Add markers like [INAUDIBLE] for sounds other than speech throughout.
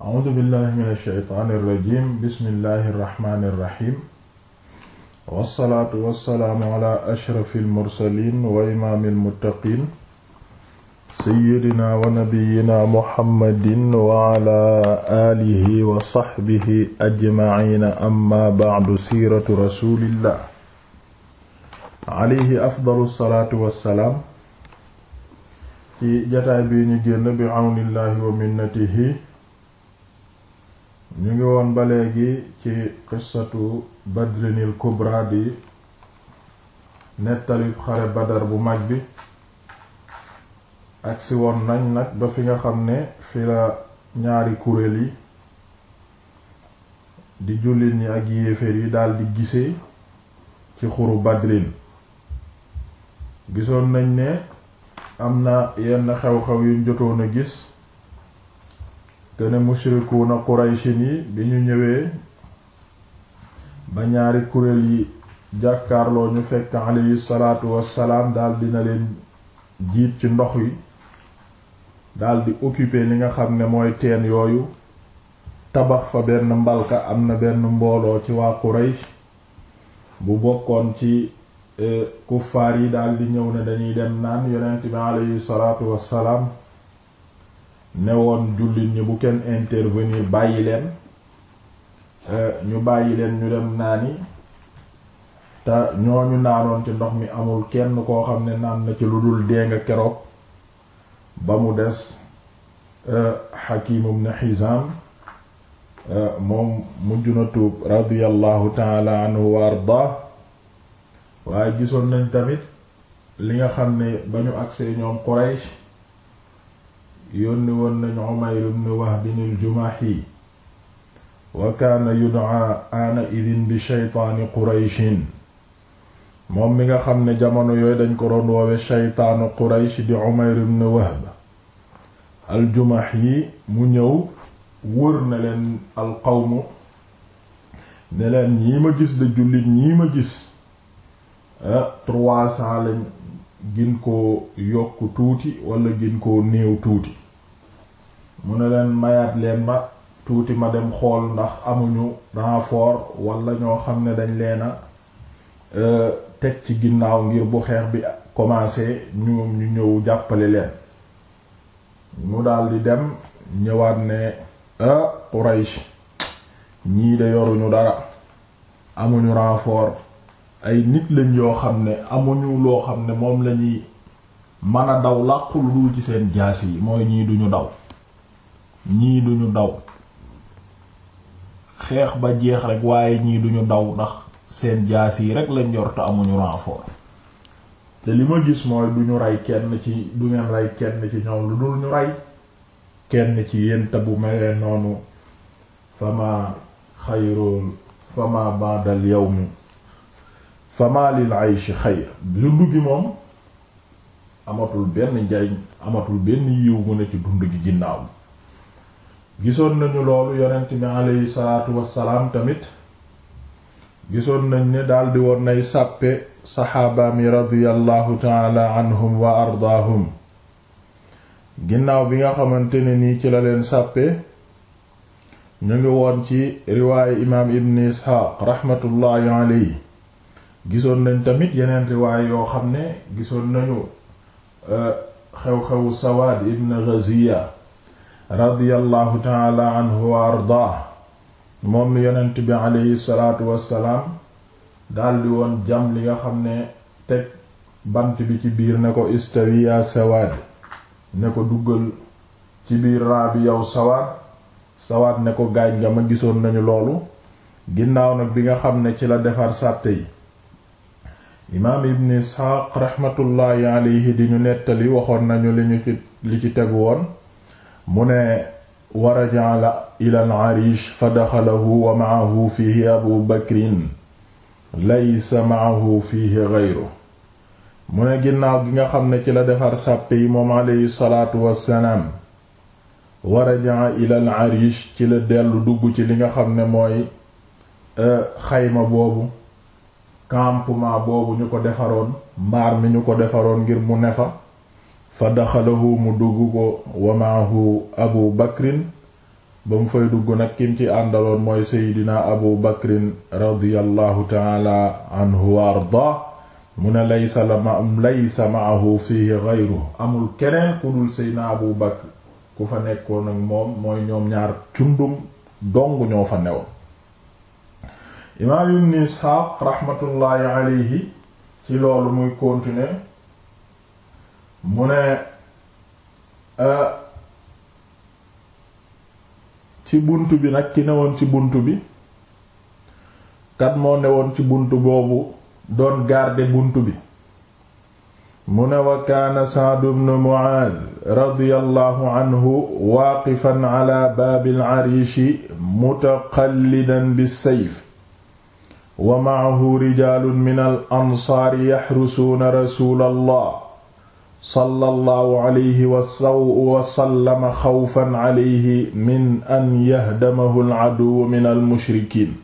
a'uuzu billahi mina shaytaani rajiim bismillahi rahmaani rahiim wassalaatu wassalaamu ala ashrafil mursaliin wa imaamil muttaqiin sayyidina wa nabiyyina muhammadin wa ala aalihi wa sahbihi ajma'iina amma ba'du siiratu rasuulillah alayhi afdalu salaatu wassalaam ci jataay bi ñu génn bi awnillahi wa minnatihi ñu ngi woon ba léegi ci qissatu badrinil kubra yi nettali xare badar bu mag bi agsi woon nañ nag ba fi nga xam ne fi la ñaari kuréel yi di jullit ñi ak yéeféer yi daldi gisee ci xuru badrin gisoon nañ ne am na yenn xew-xew yuñ jotoon a gis këne mushrikuuna qurayshin yi bi ñu ñëwee ba ñaari kuréel yi jàkkaarloo ñu fekk alayhi salaatu wassalaam dal dina leen jiit ci ndox wi daldi occuper li nga xam ne mooy teen yooyu tabax fa benn mbalka am na benn mbooloo ci waa Quraysh bu bokkoon ci eh, kuffaar yi daldi ñëw ne dañuy dem naan yonent bi alayhi salaatu wassalaam ne woon jullit ñi bu kenn intervenir bàyyi leen e, ñu bàyyi leen ñu dem naani te ñooñu naanoon ci ndox mi amul kenn koo xam ne naan na ci lu dul dee keroog ba mu des e, Hakim ibn Hizam e, moom mujj na tuub radiyallahu taala anhu wa ardaa waaye gisoon nañ tamit li nga xam ne ba ñu agsee ñoom Quraysh yónni woon nañ Umayr ibn Wahb al-Jumahi wa kaana yud'aa aana idin bi shaytaani Qurayshin moom mi nga xam ne jamono yooyu dañ ko doon woowe shaytaanu Quraysh di Umayr ibn Wahb al-Jumahi mu ñëw wër na leen alqawmu ne leen ñii ma gis de jullit ñii ma gis ah, trois lañ gin koo yokk tuuti wala gin koo néew tuuti mu ne leen mayaat leen ma tuuti ma dem xool ndax amuñu renfort wala ñoo xam ne dañ leena euh, teg ci ginnaaw ngir bu xeex bi commencé ñoom ñu ñëw jàppale leen mu daldi dem ñëwaat ne ah Quraysh ñii de yoruñu dara amuñu renfort ay nit lañ yoo xam ne amuñu loo xam ne moom lañuy mën a daw làqul dul seen jaas yi mooy ñii duñu daw ñii duñu daw xeex ba jeex rek waaye ñii duñu daw ndax seen jaas yi rek lañ yor te amuñu renfort te li ma gis mooy duñu ray kenn ci du ngeen ray kenn ci ñoom lu dul ñu kenn ci yéen bu melee noonu fama xayrul fama ba'dal yawmi fama lil ayshi xayr dund gi moom amatul benn njariñ amatul benn yiw mu ne ci dund gi ginnaaw gisoon nañu loolu yonent bi aleyhi salaatu wassalaam tamit gisoon nañ ne daldi woon nay sàppe saxaaba mi radiyallahu taala anhum wa ardaahum ginnaaw bi nga xamante ne nii ci la leen sàppe ñu ngi woon ci riwaaye imaam ibn isxaaq raxmatullaahi aleyhi gisoon nañ tamit yeneen riwaay yoo xam ne gisoon nañu euh, xew-xewu sawaad ibn ghaziya radiyallahu taala anhu wa ardaa moom mi yonent bi aleyhi salaatu wassalaam daldi woon jam li nga xam ne teg bant bi ci biir ne ko istawi sawaad ne ko duggal ci biir raa bi yow sawaad sawaad ne ko gaaj nga ma gisoon nañu loolu ginnaaw nag bi nga xam ne ci la defar sàtte yi imaam ibn isxaaq raxmatullaahi aleyhi di ñu nettali waxoon nañu li ñu li ci tegu woon mu ne wa raja'a ila al-arish fa daxalahu wa ma'ahu fihi abu bakrin laysa ma'ahu fihi ghayruhu mu ne ginnaaw gi nga xam ne ci la defar sàppe yi moom alayhi salaatu wassalaam wa raja'a ila al-arish ci la dellu dugg ci li nga xam ne mooy e, xayma boobu campement boobu ñu ko defaroon mbaar mi ñu ko defaroon ngir mu ne fa daxalahu mu dugg ko wa maahu abu bakrin ba mu fay dugg nag kim ci àndaloon mooy seydina abu bakrin radiyallahu taala anhu wa ardaa mu ne laysa la ma laysa maahu fihi gayru amul keneen ku dul seydina abu bakr ku fa nekkoon ak moom mooy ñoom ñaar cundum dong ñoo fa newoon imaam ibn isxaaq raxmatullaahi alayhi ci loolu muy continuer mu ci bunt bi nag ki newoon ci bunt bi kat moo newoon ci bunt boobu doon garder bunt bi mu ne wa kaana Sa'd ibn Mu'aaz radiyallahu anhu waaqifan ala baabil ariishi mutaqallidan bissayf wa ma'ahu rijaalun minal ansaari yaxrusuuna rasuulallah sallallahu alayhi wa sallama xawfan alayhi min an yahdamahu al-aduwwu min al-mushrikiin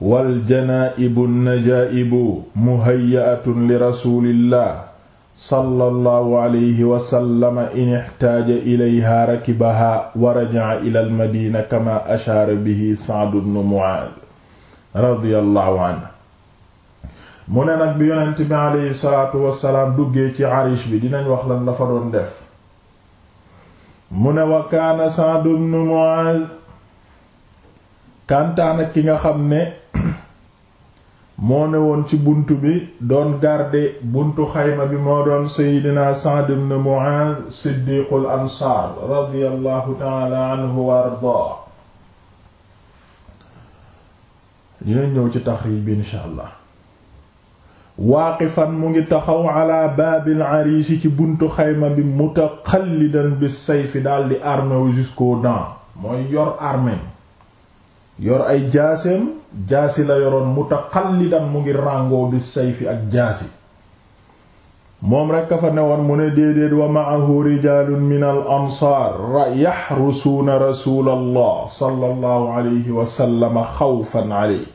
waljanaa'ibu najaa'ibu muhayya'atun li rasuulillah sallallahu alayhi wa sallama in ixtaaja ilayhaa rakibahaa wa raja'a ilal madiina kamaa ashaara bihi Sa'd ibn Mu'aaz radiyallahu anhu mu ne nag bi yonent bi aleyhi salaatu wassalaam duggee ci arish bi dinañ wax lan la fa doon def mu ne wa kaana Sa'd ibn kàntaan ak ki nga xam ne [CLEARS THROAT] moo ne woon ci bunt bi doon garde buntu xayma bi moo doon seydina Sa'd ibn Mu'az siddiqul ansaar radiyallahu taala anhu wa ardaa dinañ ñëw ci taxriij bi insha allah waaqifan mu ngi taxaw ala baabil ariisi ci buntu xayma bi mutaqallidan bi sayfi daldi armé wu jusqu'aux dents mooy yor armé yor ay jaaseem jaasi la yoroon mutaqallidan mu ngi ràngoo bi sayfi ak jaasi moom rekk a fa newoon mu ne déedéet wa ma'ahu rijaalun min al ansaar yaxrusuuna rasuulallah sallallahu alayhi wa xawfan alayhi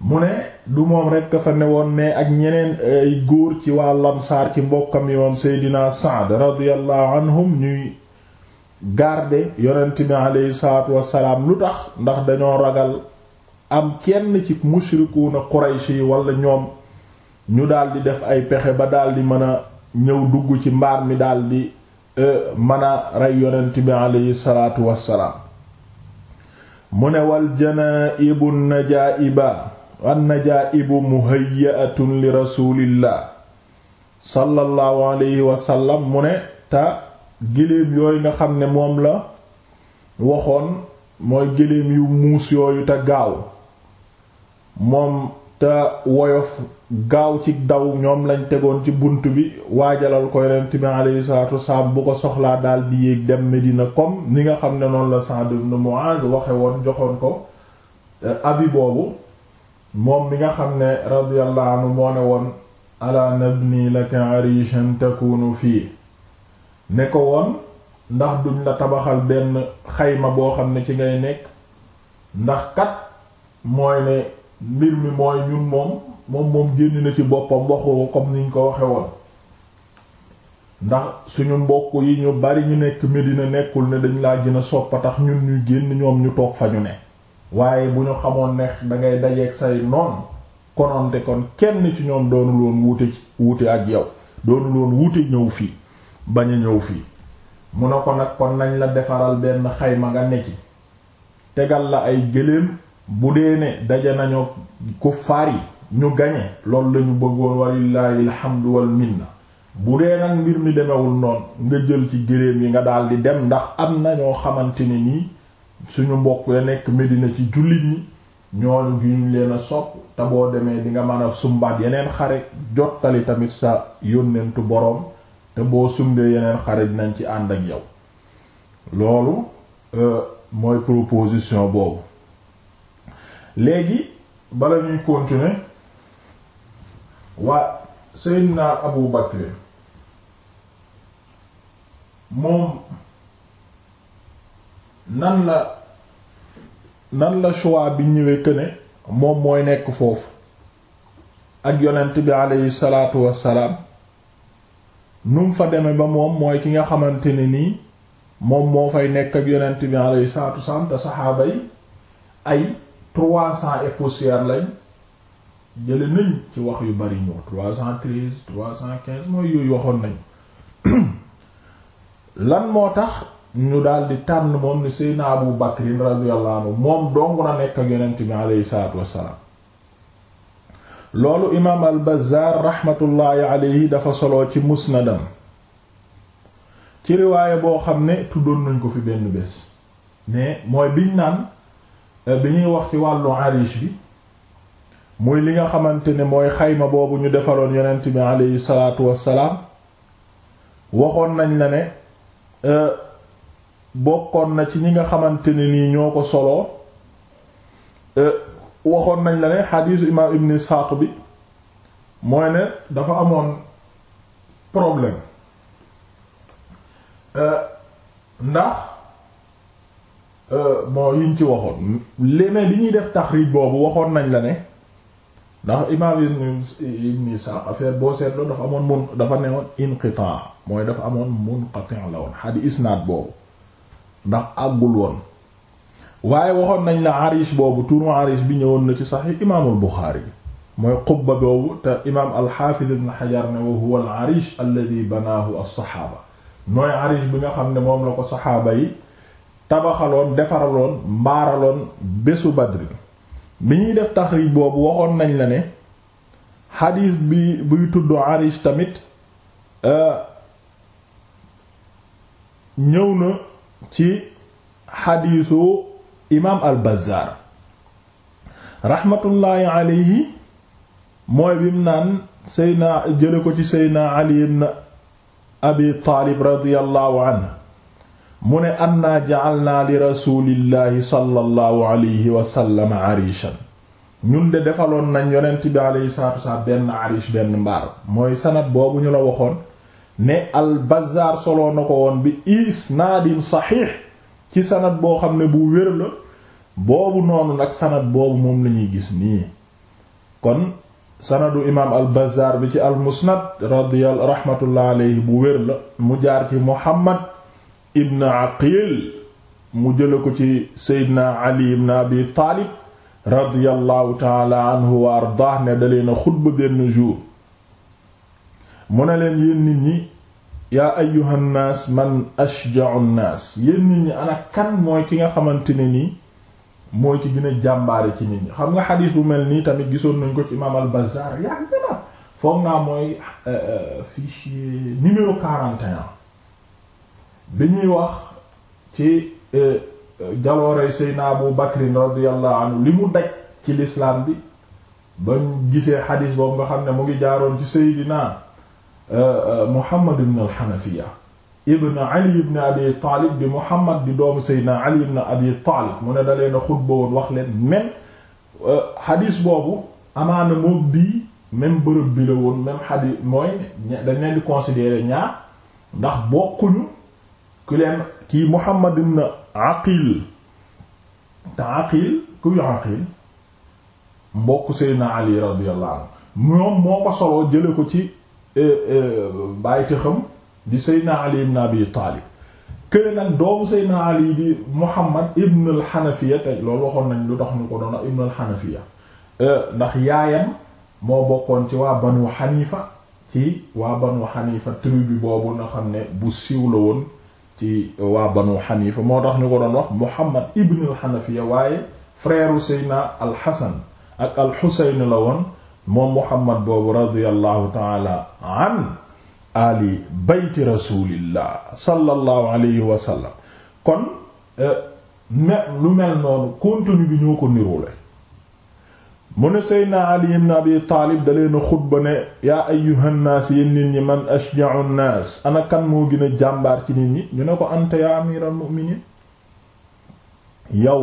mu ne du moom rekk fa ne woon mais ak ñeneen ay góor ci waa lamsaar ci mbokkam yoon seydina Saad radiyallahu anhum ñuy garde yonent bi aleyhi salaatu lu tax ndax dañoo ragal am kenn ci mushrikuuna na yi walla ñoom ñu daldi def ay pexe ba daldi mën a ñëw dugg ci mbaar mi daldi e, mën a rey yonent bi aleyhi wassalaam mu ne wal janaibu najaiba annajaa'ibu muhayya'atun li rasulillah sallallahu alayhi wa sallam mu ne te géléem yooyu nga xam ne moom la waxoon mooy géléem yu muus yooyu te gaaw moom te woyof gaaw ci daw ñoom lañ tegoon ci bunt bi waajalal ko yonent bi alayhi salaatu wasalaam bu ko soxlaa daal di yéeg dem Medina comme ni nga xam ne noonu la Sa'd ibn Mu'adh waxe woon joxoon ko eh, abi boobu moom mi nga xam ne radiyallahu anhu moo ne woon ala nabni laka arishan takunu fii ne ko woon ndax duñ la tabaxal benn xayma boo xam ne ci ngay nekk ndax kat mooy ne mbir mi mooy ñun moom moom moom génn na ci boppam waxu comme niñ ko waxe woon ndax suñu mbokk yi ñu bari ñu nekk Medina nekkul ne dañ laa gën a soppa tax ñun ñu génn ñoom ñu toog fa ñu ne waaye bu ñu xamoon ne dangay ngay dajeeg say noon kononte kon kenn ci ñoom doonul woon wuute wuute ak yow doonul woon wuute ñëw fii bañ a ñëw fii mu ne ko nag kon nañ la defaral benn xayma nga ne ci tegal la ay gëléem bu dee ne daje nañu ku faar yi ñu gañe loolu lañu bëggoon walillaahi alhamdu wal minna bu dee nag mbir mi demewul noonu nga jël ci gëléem yi nga daldi dem ndax am na ñoo xamante ne nii suñu mbokk ya nekk Medina ci jullit ñi ñooñu gi ñu leen a sopp te boo demee di nga mën a sumbaat yeneen xare jottali tamit sa yónnentu boroom te boo sumbee yeneen xare dinañ ci ànd ak yow loolu euh, mooy proposition boobu léegi bala ñuy continuer waa Seydina Abu Bakr moom nan la nan la choix bi ñëwee que ne moom mooy nekk foofu ak yonent bi aleyhi salaatu wassalaam nu fa demee ba moom mooy ki nga xamante ne nii moom moo fay nekk ak yonent bi aleyhi salaatu saxaaba yi ay trois cents et poussière jële nañ ci wax yu bari ñoo trois cent treize trois cent quinze mooy yooyu waxoon nañ [CLEARS THROAT] lan moo tax ñu daldi tànn moom ni Seydina Abu Bakrin radiyallahu anhu moom dong na nekk yonent bi aleyhi wassalaam loolu imaam al Bazzaar raxmatullaahi aleyhi dafa solo ci musnadam ci riwaaya boo xam ne tuddoon nañ ko fi benn bés mais mooy biñ naan euh, bi ñuy wax ci wàllu arish bi muy li nga xamante ne mooy xayma boobu ñu defaloon yonent bi aleyhi salaatu wassalaam waxoon nañ la ne euh, bokkoon na ci ñi nga xamante ne nii ñoo ko soloo euh, waxoon nañ la ne xadiisu imaam ibn Isxaaq bi mooy ne dafa amoon problème euh, ndax moo euh, yiñ ci waxoon lémee bi ñuy def taxriij boobu waxoon nañ la ne ndax imaam ibn Isxaaq affaire boo seetloo dafa amoon mun dafa newoon inqitaa mooy dafa amoon munqati' la woon xadiis isnaad boobu ndax àggul woon waaye waxoon nañ la arish boobu turu bi ñëwoon na ci saxiix imaamul buxaari mooy qubba boobu te imaam alxaafiz ibn xajar ne wa huwa bi nga xam ne moom la ko saxaaba yi tabaxaloon defaraloon mbaaraloon bésu badrin bi ñuy def taxrij boobu waxoon nañ la ne xadiis bi buy tudd arish tamit euh, ñëw na ci xadiisu imaam al bazaar raxmatullaahi alayhi mooy bim naan seydna jële ko ci seydna ali ibn abi taalib radiyallahu anhu mu ne annaa ja'alnaa li rasuulillaahi sallallahu alayhi wa sallam ñun de defaloon nañ yonent bi alayhi salaatu wa salaam benn arish benn mbaar mooy sanad boobu ñu la waxoon ne al-Bazzaar na ko woon bi isnaadin saxiix ci sanad boo xam ne bu wér la boobu noonu nag sanad boobu moom lañuy gis nii kon sanadu imaam al bi ci al-Musnad alayhi bu wér la mu jaar ci Muhammad ibn Aqil mu jële ko ci Seydina Ali ibn Abi Taalib radiyallahu taala anhu wa ardaah ne dalee na xutba benn jour mu ne leen yéen nit ñi yaa ayyuhan naas man ashja'u naas yéen nit ñi ana kan mooy ki nga xamante ne nii mooy ci gën a jàmbaare ci nit ñi xam nga xadiis bu mel nii tamit gisoon nañ ko ci imaam al Bazzaar yaa ngi foog naa mooy euh, euh, fiche numéro 41 bi ñuy wax ci euh, jaloore Seydina Abu Bakrin radiyallahu anhu li mu daj ci lislaam bi ba ñu gisee xadiis boobu nga xam ne mu ngi jaaroon ci Seydina Muhammad ibn al-Hanafiya ibn Ali ibn Abi bi Muhammad di doomu Seydina Ali ibn Abi mu ne da leen a xutba woon wax leen même xadiis euh, boobu amaana moom bii même bërëb bi la woon même xadiis mooy dañ leen di considérer ñaar ndax bokkuñu ku leen kii Muhammad ibn Aqil te Aqil kuy Aqil mbokk Seydina Ali radiyallahu moom moo ko soloo jële ko ci Euh, euh, bàyyite xam di Seydina Ali ibn Abi Taalib kër nag doomu Seydina Ali di Muhammad ibn al-Hanafiya te loolu waxoon nañ lu tax ñu ko doona ibn al euh, ndax yaayam moo bokkoon ci waa Banu Hanifa ci waa Banu Hanifa tribu boobu nga xam ne bu siiw la woon ci waa Banu Hanifa moo tax ñu ko doon wax Muhammad ibn al waaye frère Seydina alxasan hasan ak al la woon moom muhammad boobu radiyallahu taala an ali bayti rasulillah sallallahu alayhi wa sallam kon eh, lu mel noonu contenu bi ñoo ko nirule mu ne seydna ali ibn xutba ne yaa ayyuhannaas yéen nit ñi man ashja'u nnaas moo gën jàmbaar ci nit ñi ñu ne ko anta yaa amiral mu'minin yow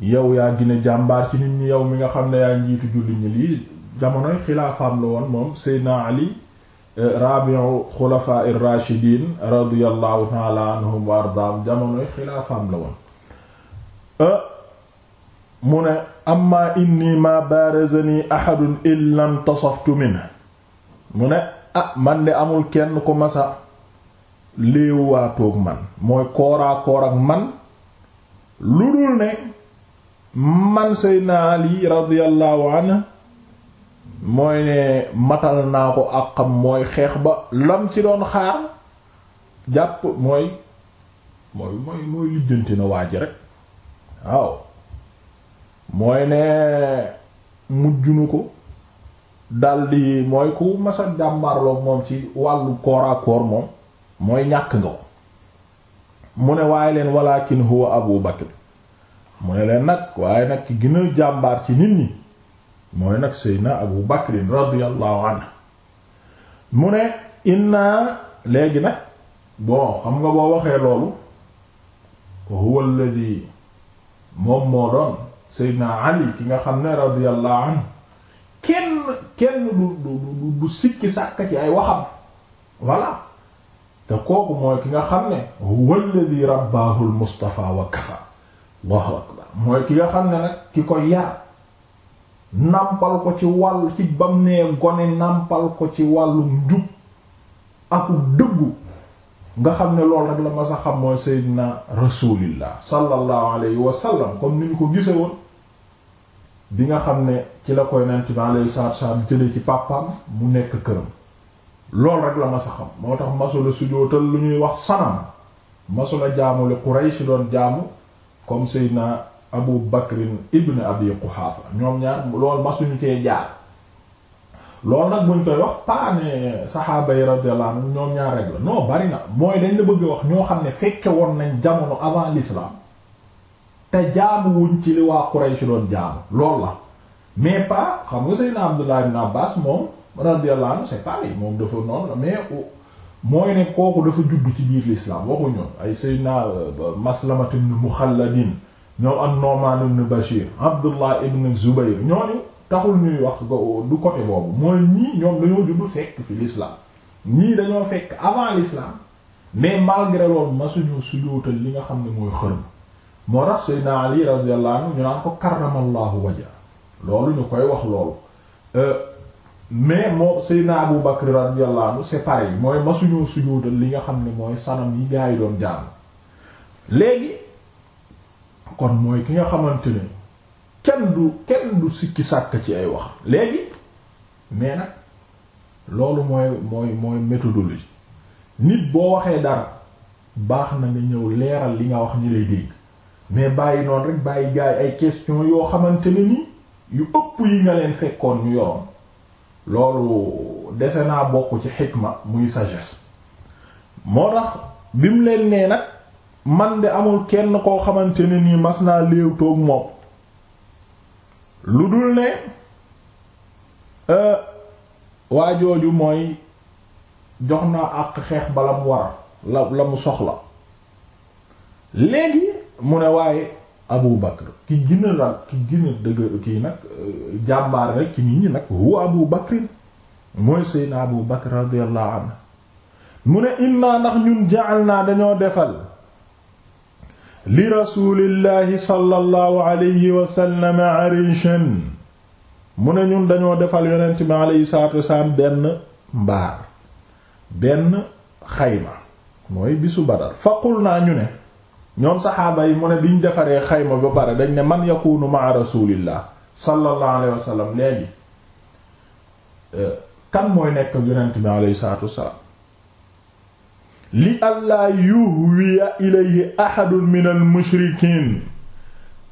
yow yaa gine jàmbaar ci nit ñi yow mi nga xam ne yaa njiitu jullit ñi lii jamonoy xilaafaam la woon moom Seydina Ali eh, rabiu xulafaa ar-rashidin radiyallahu ta'ala ardaam jamonoy xilaafaam la woon eh, mu ne amma inni ma barazani ahadun illa intasaftu minhu mu ne ah man de amul kenn ku masa léewu waatoog man mooy koora koor ak man lu dul ne man Seydina Ali radiyallahu anhu mooy ne matal naa ko àqam mooy xeex ba lam ci doon xaar jàpp mooy mooy mooy lijjanti na waa ji rek waaw mooy ne mujjunu ko daldi mooy ku masa jàmbaarloog moom ci wàllu corps moom mooy ñàkk nga ko mu ne waaye leen walakin huwa Abu Bakr mu ne leen nag waaye nag ki gën a jàmbaar ci nit ñi mooy nag seydna abu bakrin radiyallahu anhu mu ne inna léegi nag boo xam nga boo waxee loolu wa huwa alladhi moom moo doon seydna ali ki nga xam ne radiyallahu anhu kenn kenn du du du sikki sàkk ci ay waxam voilà te kooku mooy ki nga xam ne huwa alladhi rabbaahu al mustafa Allahu akbar mooy ki nga xam ne nag ki ko yar nàmpal ko ci wàll ci bam nee gone nàmpal ko ci wàllum njub aku dëggu nga xam ne loolu rek la ma sa xam mooy Seydina Rasulillah sallallahu alayhi wa sallam comme ni ko gise bi nga xam ne ci la koy nent bi ci pàppaam mu nekk këram loolu rek la ma moo tax masula sujootal lu ñuy wax a jaamule jaamu rey Quraysh doon jaamu comme Seydina Abu Bakrin ibn Abi Quhafa ñoom ñaar loolu masuñu tee jaar loolu nag buñ koy wax paane saxaaba yi radiyallahu anhum ñoom ñaar rek la non bari na mooy dañ la bëgg wax ñoo xam ne fekke woon nañ jamono avant l'islam te jaamu wuñ ci li waa Quraysh doon jaamu lool la mais pas xam nga Seydina Abdullah ibn Abbas moom radiyallahu anhu c'est pareil moom dafa noonu la mais mooy ne kooku dafa juddu ci biir l'islam waxu ñoom ay sayyidina euh, Maslamat ibn Mukhalladin ñoom am Nu'man ibn Bashir Abdullah ibn Zubayr ñooñu taxul ñuy wax du côté boobu mooy nii ñoom dañoo juddu fekk fi l'islam ñii dañoo fekk avant l'islam mais malgré loolu masuñu sujootal li nga xam ne mooy xërëm moo tax Seydina Ali radiyallahu anhu ñu naan ko karramallahu wajha loolu ñu koy wax loolu euh, mais moo Seydina Abu Bakr radiyallahu anhu c'est pareil mooy masuñu sujuudal li nga xam ne mooy sanam yi gaa yi doon jaamu léegi kon mooy ki nga xamante ne kenn du kenn du sikki sàkk ci ay wax léegi mais nag loolu mooy mooy mooy nit boo waxee dara baax na nga ñëw leeral li nga wax ni lay dégg mais bàyyi noonu rek bàyyi gaa yi ay question yoo xamante ne ni yu ëpp yi nga leen fekkoon ñu yoroon loolu dese naa bokk ci xikma muy sagesse moo tax bim mu leen nee nag man de amul kenn koo xamante ne nii mas naa léew toog moom lu dul ne euh, waa jooju mooy jox naa àq xeex bala mu war la la mu soxla léegi mu ne waaye Abu Bakr ki gën a dëgër kii nag euh, jàmbaar rek ci nit ñi nag huwa Abu Bakr mooy Seydina Abu Bakr radiyallahu anhu mu ne inna ndax ñun jaal naa dañoo defal li rasulillahi sallallahu alayhi wa sallam mu ne ñun dañoo defal yonent bi alayhi salaatu wasalaam benn mbaar benn xayma mooy bisu Badar faqul naa ñu ne ñoom saxaaba yi mu ne biñ defaree xayma ba pare dañ ne man yakunu ma rasulillah sallallahu alayhi wa sallam léegi euh, kan mooy nekk yonent bi alayhi salaatu wassalaam li allaa yuhwiya ilayhi ahadun min al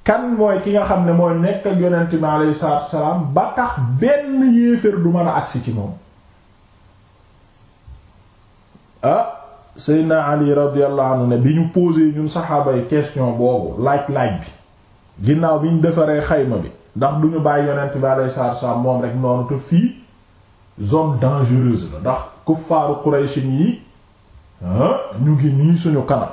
kan mooy ki nga xam ne mooy nekk ak yonent bi alayhi salaatu wassalaam ba tax benn yéeféer du mën a agsi ci moom ah, Seydina Ali radiyallahu anhu ne bi ñu posé ñun saxaaba yi question boobu laaj-laaj bi ginnaaw bi ñu defaree xayma bi ndax du ñu bàyyi yonent bi alayhi salaatu wasallam moom rek noonu te fii zone dangereuse la ndax kuffaaru Qurayshin yi ñu ngi nii suñu kanam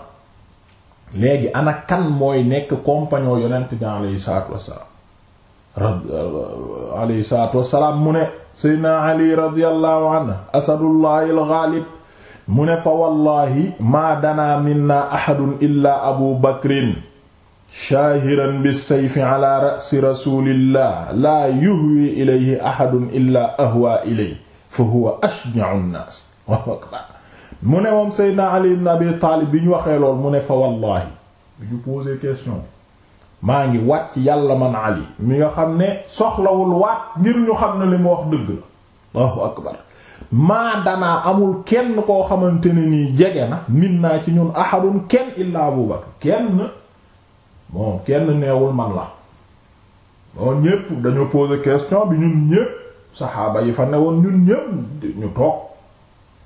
léegi ana kan mooy nekk compagnon yonent bi alayhi salaatu wasallam alayhi salaatu wasallam mu ne Seydina Ali radiyallahu anhu asadullahi al-ghalib mu ne fa wallaahi maa danaa minna ahadun illaa abu bakrin shaahiran bisayfi ala ra'si rasulillah laa yuhwi ilayhi ahadun illaa ahwa ilayhi fa huwa ashja'u nnaas akbar mu ne moom Seydina Ali ibn Abi Taalib bi ñu waxee lool mu ne fa wallaahi bi ñu posé question maa ngi wàcc yàlla man Ali mi nga xam ne soxlawul waat ngir ñu xam ne li mu wax dëgg maa danaa amul kenn koo xamante ne nii jege na min naa ci ñun ahadun kenn illaa Abu kenn bon kenn neewul man la bon ñépp dañu poser question bi ñun ñépp saxaaba yi fa newoon ñun ñépp ñu toog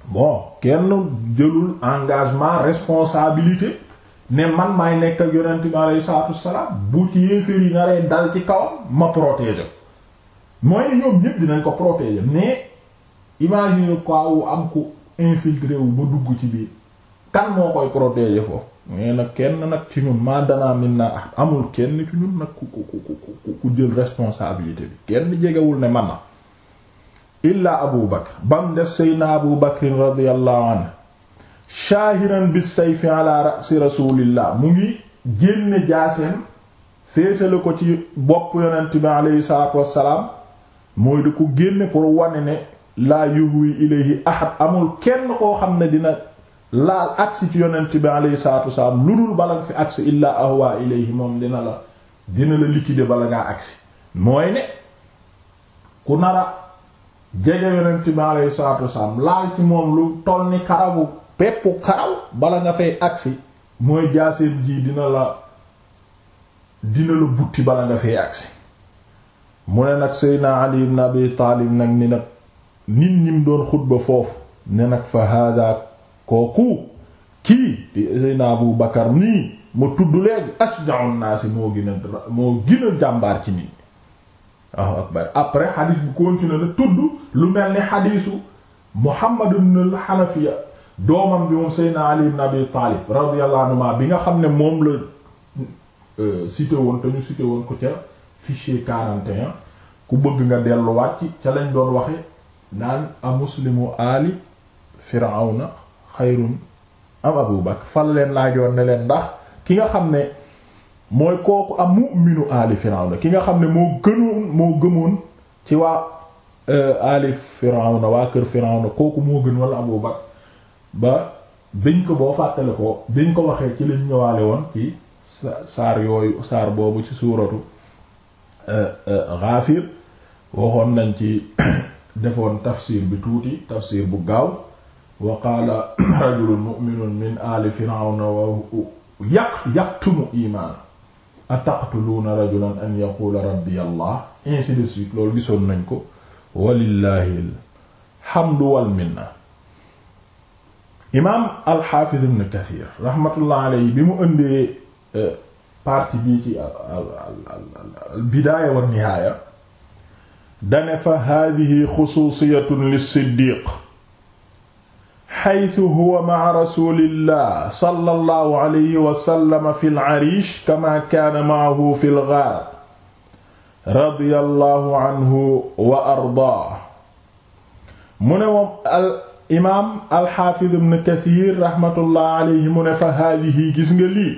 bon kenn jëlul engagement responsabilité ne man maay nekk ak yonent bi salaatu wassalaam bu ci yéeféer yi naree dal ci kawam ma protéger mooy ñoom ñépp dinañ ko protéger mais imagine quoi am ku infiltré ba dugg ci biir kan moo koy protéger foofu mais nag kenn nag ci ñun maa danaa min amul kenn ci ñun nag ku ku ku ku jël responsabilité bi kenn jegewul ne man na illaa abu bakr bam des sayna abu bakrin radiallahu mu ngi génne jaaseem féetale ko ci bopp yonent bi aleyhi wassalaam mooy di ko génne pour wane ne laa yuhwi ilayhi ahad amul kenn koo xam ne dina laal agsi ci yonent bi alayhi salaatu wasalaam lu dul bala nga fi agsi illaa ahwa ilayhi moom dina la dina la liquider bala ngaa agsi mooy ne ku nara jege yonent bi alayhi salaatu wasalaam laal ci moom lu toll ni karawu peppu karaw bala nga fay agsi mooy jaaseem ji dina la dina la butti bala nga fay agsi mu ne nag Seydina Ali ibn Abi nag ni nag nit ñim doon xutba foofu ne nag fa hada kooku kii di Seydina Abu Bakar nii ma tudd léegi ashda'un naas moo gën a moo gën a jàmbaar ci nii waaw akbar après xadiis bu continuer na tudd lu mel ni xadiisu Muhammad ibn al-Hanafiya doomam bi moom Seydina Ali ibn Abi Taalib radiyallahu anhu bi nga xam ne moom la euh, cité woon te ñu cité woon ko ca fichier 41 ku bëgg nga delluwaat ci ca lañ doon waxe naan a muslimu ali firawna xayrun am abu bakar fal leen laajoon ne leen ndax ki nga xam ne mooy kooku am mu'minu ali firawna ki nga xam ne moo gënoon moo gëmoon ci waa euh, ali firawna waa kër firawna kooku moo gën wala abu bakar ba biñ ko boo fàttale ko biñ ko waxee ci liñ ñëwaale woon ci saar yooyu saar boobu ci suuratu euh, euh, Ghafir waxoon nañ ci [CLEARS THROAT] defoon tafsir bi tuuti tafsir bu gaaw wa qaala [CLEARS THROAT] rajulun mu'minun min aali firawna wa yaq yaqtumu imaana ataqtuluuna rajulan an yaqula rabbi allah ainsi de suite loolu gisoon nañ ko walillahi alhamdu wal minna imaam alxaafiz ibn kathir rahmatullah alayhi bi mu ëndee euh, partie bii ci al al al bidaaya wa nihaaya dane fa haadihi xusuusiyatun lissiddiq xaytu huwa maca rasulillah sallallahu alayhi wa sallam fi lcariish kama kaana macahu fi lgaar radiyallahu anhu wa ardaa mu ne moom al imaam alxaafid ibn kathir raxmatullah alayhi mu ne fa haadihi gis nga lii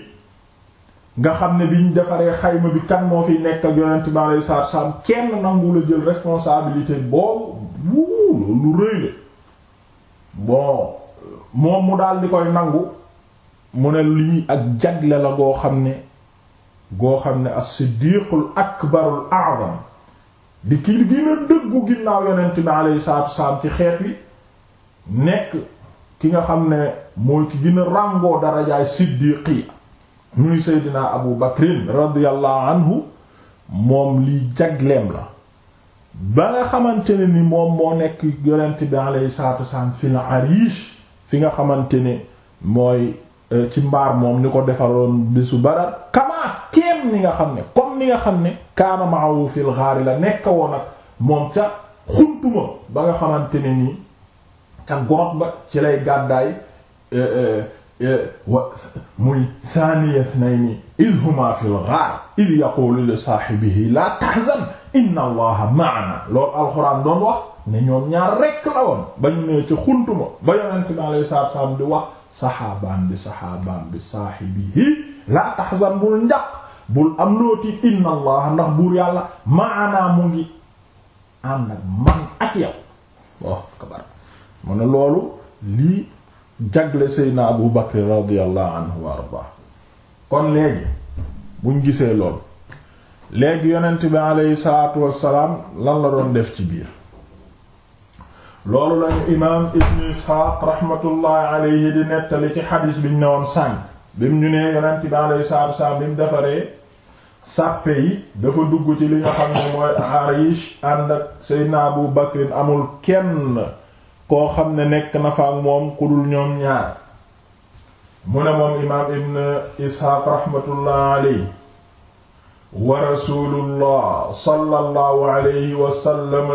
nga xam ne biñ defaree xayma bi kan moo fi nekk ak yonent bi alayhi salaatu salaam kenn nangu la jël responsabilité boobu wuu loolu rëy la bon moom mu daal di koy nangu mu ne lii ak jagle la goo xam ne goo xam ne as-siddiqul akbarul a'zam di kii gën a dëggu ginnaaw yonent bi alayhi salaatu salaam ci xeet wi nekk ki nga xam ne mooy ki gën a ràngoo darajaay siddiqiya muy seydina abu bakrin radiyallahu anhu moom li jagleem la ba nga xamante ne ni moom moo nekk yonent bi alayhi salaatu wasalaam fil arish fi nga xamante ne mooy euh, ci mbaar moom ni ko defaroon bisu barar kamaa keem ni nga xam ne comme ni nga xam ne kaana ma'ahu fil ghaar la nekk woon ak moom ca xuntuma ba nga xamante ne nii ca goot ba ci lay gàddaay euh, euh, Eh, muy thaniya ithnayni idh huma fil ghaar idh yaqulu li saahibihi la tahzan inna allaha ma'ana loolu alxuraan doon wax ne ñoom ñaar rekk la woon bañ nee ci xuntuma ba yonent bi alayhi salaatu salaam di wax saxaabaan bi saxaabaan bi saahibihi la tahzan bul njàq bul am nooti inna allaha ndax buur yàlla ma'ana mu ngi ànd ak man ak yow waaw kabar mu ne loolu lii jagle seydna abu bakr radiallahu anhu wa kon léegi buñ gisee lool léegi yonent bi aleyhi salaatu wassalaam lan la doon def ci biir loolu lañu imaam ibn isxaaq raxmatullahi aleyhi di nettali ci xadiis biñ ne woon sànq bi mu ñu nee yonent bi aleyhi salaatu wassalaam bi mu defaree sàppe yi dafa dugg ci li nga xam ne mooy arish ànd ak seydna abu bakrin amul kenn koo xam ne nekk na fa ak moom ku dul ñoom ñaar mu ne moom imaam ibn isxaaq raxmatullah alayhi wa rasulullah sallallahu alayhi wa sallam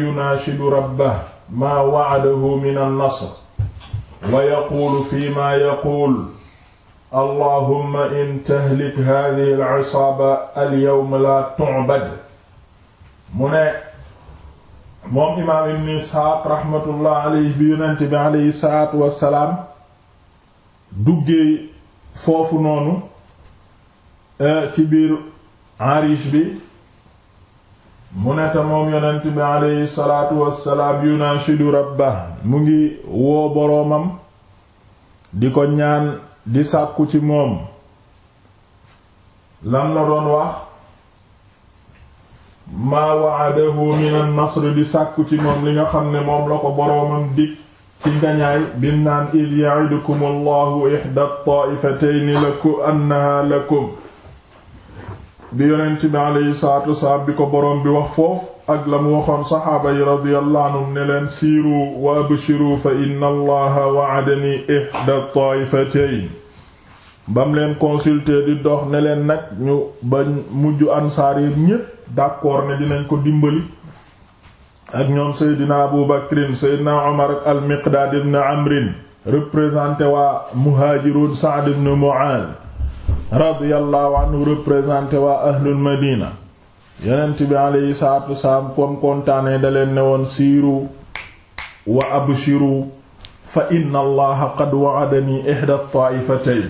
yunaashidu rabbahu maa wa'adahu min an-nasr wa yaquulu fi ma yaquul allahumma in tahlik hadhihi al-isaaba al-yawma la tu'bad mu ne moom imaam ibn isxaaq raxmatullah alayhi bi yonent bi alayhi salaatu wassalaam duggee foofu noonu eh, ci biir arish bi mu ne te moom yonent bi alayhi salaatu wassalaam yunaashidu rabba mu ngi woo boroomam di ko ñaan di sàkku ci moom lan la doon wax maa waadahu min an-nasr di sàkku ci moom li nga xam ne moom la ko boroomam dig ci ngañaay bim naan id ya'idukum allahu ihda at-ta'ifatayni lakum annaha lakum bi yonent bi alayhi salaatu bi ko boroom bi wax foofu ak la mu waxoon saxaaba yi radiyallahu ne leen siiru wa abshiru fa inna wa'adani ihda at-ta'ifatayn bam leen consulter di dox ne leen nag ñu ba mujj ansaar yi ñépp d'accord ne dinañ ko dimbali ak ñoom seydina abu bakrin seydina omar ak al miqdaad amrin représenté waa muhaajiruun saad ibn radiyallahu anhu représenté waa ahlul madina yonent bi aleyhi salaatu wasalaam kontaanee da ne woon siiru wa abshiru fa inna allaha qad wa'adani ihda taa'ifatayn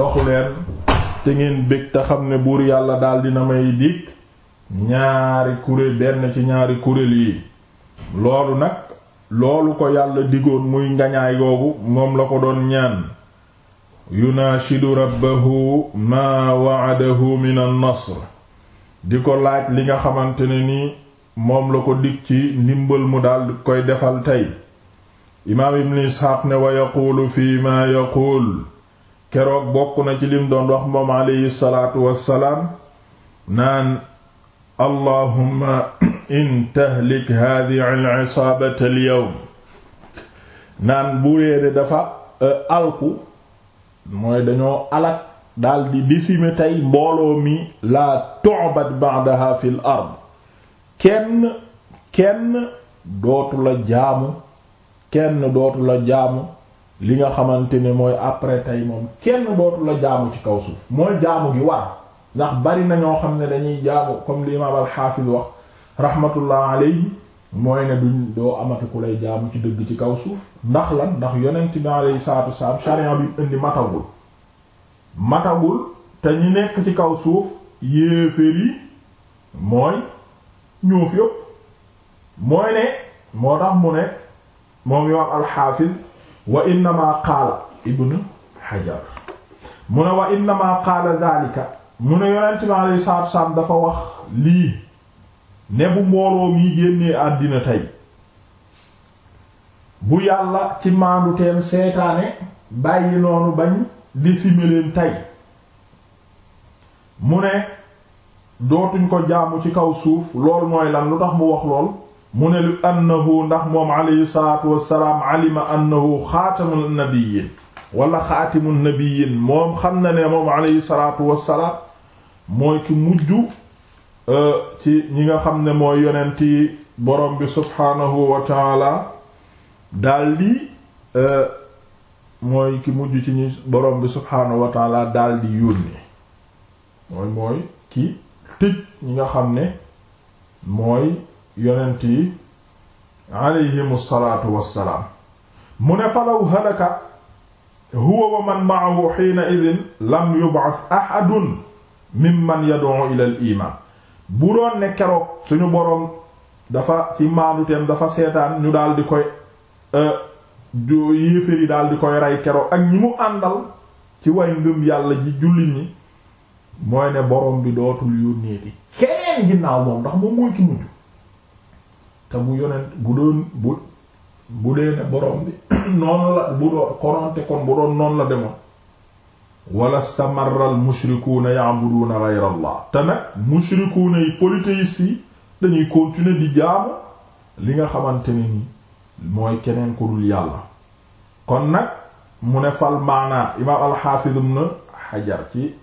dox leen te ngeen bég te xam ne buur yàlla daal dina may dikk ñaari kuréel benn ci ñaari kuréel yi loolu nag loolu ko yàlla digoon muy ngañaay googu moom la ko doon ñaan yunaashidu rabbahu maa wa'adahu min an-nasr di ko laaj li nga xamante ne ni moom la ko dig ci ndimbal mu daldi koy defal tey imaam ibn isxaaq ne wa yaquulu fi ma yaquul keroog bokk na ci lim doon wax moom aleyhi naan allahumma in tahlik hadhihi al-isaabata naan bu reede dafa euh, alku mooy dañoo alak daldi disime tey mbooloo mi la tu'bad ba'daha fil ard kenn kenn dootu la jaamu kenn dootu la jaamu li nga xamante ne mooy après tey moom kenn dootu la jaamu ci kaw suuf mooy jaamu gi war ndax bari na ñoo xam ne dañuy jaamu comme li imaam alxaafis wax rahmatullah alayhi mooy ne duñ doo amati ku lay jaamu ci dëgg ci kaw suuf ndax lan ndax yonent bi alayhi salaatu wasalaam sharia bi indi matagul matagul te ñi nekk ci kaw suuf yéeféer yi mooy ñoo fi ëpp mooy ne moo tax mu ne moom imaam alxaafis wa innamaa qaala ibnu hajar mu ne wa innamaa qaala zaalika mu ne yonent bi alayhi salaatu wassalaam dafa wax lii ne bu mbooloo mi génnee àddina tey bu yàlla ci maandu teen seetaane bàyyi noonu bañ di simileen tey mu ne dootuñ ko jaamu ci kaw suuf lool mooy lan lu tax mu wax lool mu ne lu annahu ndax moom alayhi salaatu wassalaam alima annahu xaatamul nabiyyin wala xaatimul nabiyyin moom xam na ne moom alayhi salaatu wassalaam mooy ki mujj euh, ci ñi nga xam ne mooy yonenti borom bi subhaanahu wa taala daldi euh, mooy ki mujj ci ñi borom bi subhaanahu wa daldi yónni mooy mooy ki tëj ñi nga xam ne mooy yonent yi alayhimu salaatu wassalaam mu ne falaw halaka huwa wa man ma'ahu hiina idin lam yub'ath ahadun mimman yad'u ila al iman bu doon ne keroog suñu boroom dafa ci maanuteem dafa seetaan ñu daal di koy euh, yéeféri daal di koy ray keroog ak ñi mu àndal ci way ngëm yàlla ji jullit ñi mooy ne borom bi dootul yónneeti keneen ginnaaw moom ndax moom mooy ci mujj te bu yonent bu doon bu bu dee ne borom bi [CLEARS THROAT] noonu la bu doon kononte kon bu doon noonu la demoon wala stamarra al mushrikuuna ya'buduuna ghayra te nag mushrikuuna yi polythéistes dañuy continuer di jaamu li nga xamante ni mooy keneen ku dul yàlla kon nag mu ne fal maanaa imaam alxaafid ibn xajar ci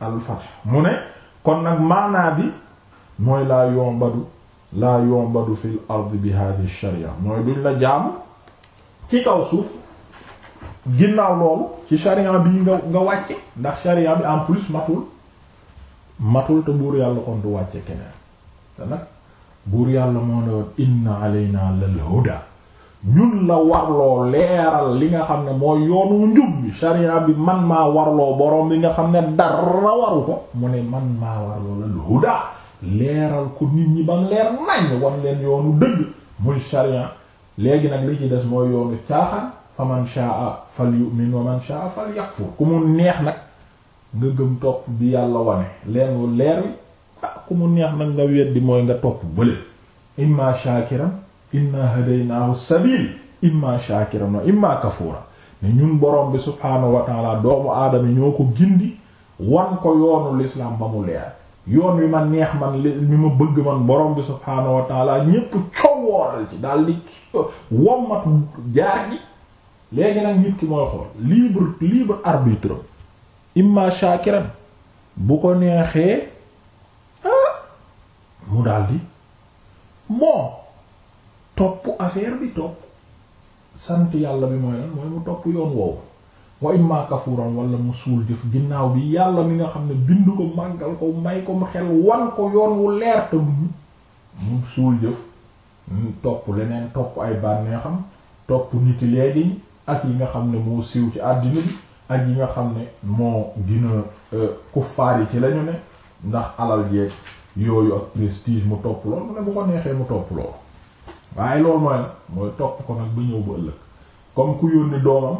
alfath mu ne kon nag maanaa bi mooy laa yombadu laa yombadu fil ard bi hadhihi sharia mooy duñ la jaamu ci kaw suuf ginnaaw loolu ci sharia bi nga nga wàcce ndax sharia bi en plus matul matul te buur yàlla kon du wàcce keneen te buur yàlla moo ne woon inna alayna lal huda ñun warloo leeral li nga xam ne mooy yoonu njub bi sharia bi man maa warloo borom bi nga xam ne dara waru ko mu ne man maa warloo lal huda leeral ko nit ñi bam leer nañ wan leen yoonu dëgg muy sharia léegi nag li ci des mooy yoonu caaxaan fa man shaa falyu'min wa man shaa falyakfur ku mu neex nag nga gëm topp bi yàlla wane leen leer wi ah ku mu neex nag nga weddi mooy nga topp bële imma shakiran inna hadaynaahu sabil imma shakiran wa imma kafura ne ñun borom bi subhaanahu wa doomu aadama ñoo ko gindi wan ko yoonu l'islam ba mu leer yoon wi ma neex man li mi ma bëgg man borom bi subhaanahu wa taala ñépp coowooral ci daal wommat jaar gi léegi nag nit ki mooy xool libre libre arbitre imma shakiran bu ko neexee ah mu daldi moo topp affaire bi topp sant yàlla bi mooy lan mooy mu topp yoon woowu wa imma kafuran wala mu suul jëf ginnaaw bi yàlla mi nga xam ne bind ko màggal ko may ko mu xel wan ko yoon wu leer te mu suul jëf topp leneen topp ay bànneexam topp nit léegi ak yi nga xam ne moo siiw ci àddina bi ak yi nga xam ne moo gën a euh, kuffaar yi ci lañu ne ndax alal jeeg yooyu ak prestige mu topp lool mu ne bu ko neexee mu topp lool waaye loolu mooy la topp ko nag ba ñëw ba ëllëg comme ku yónni doomam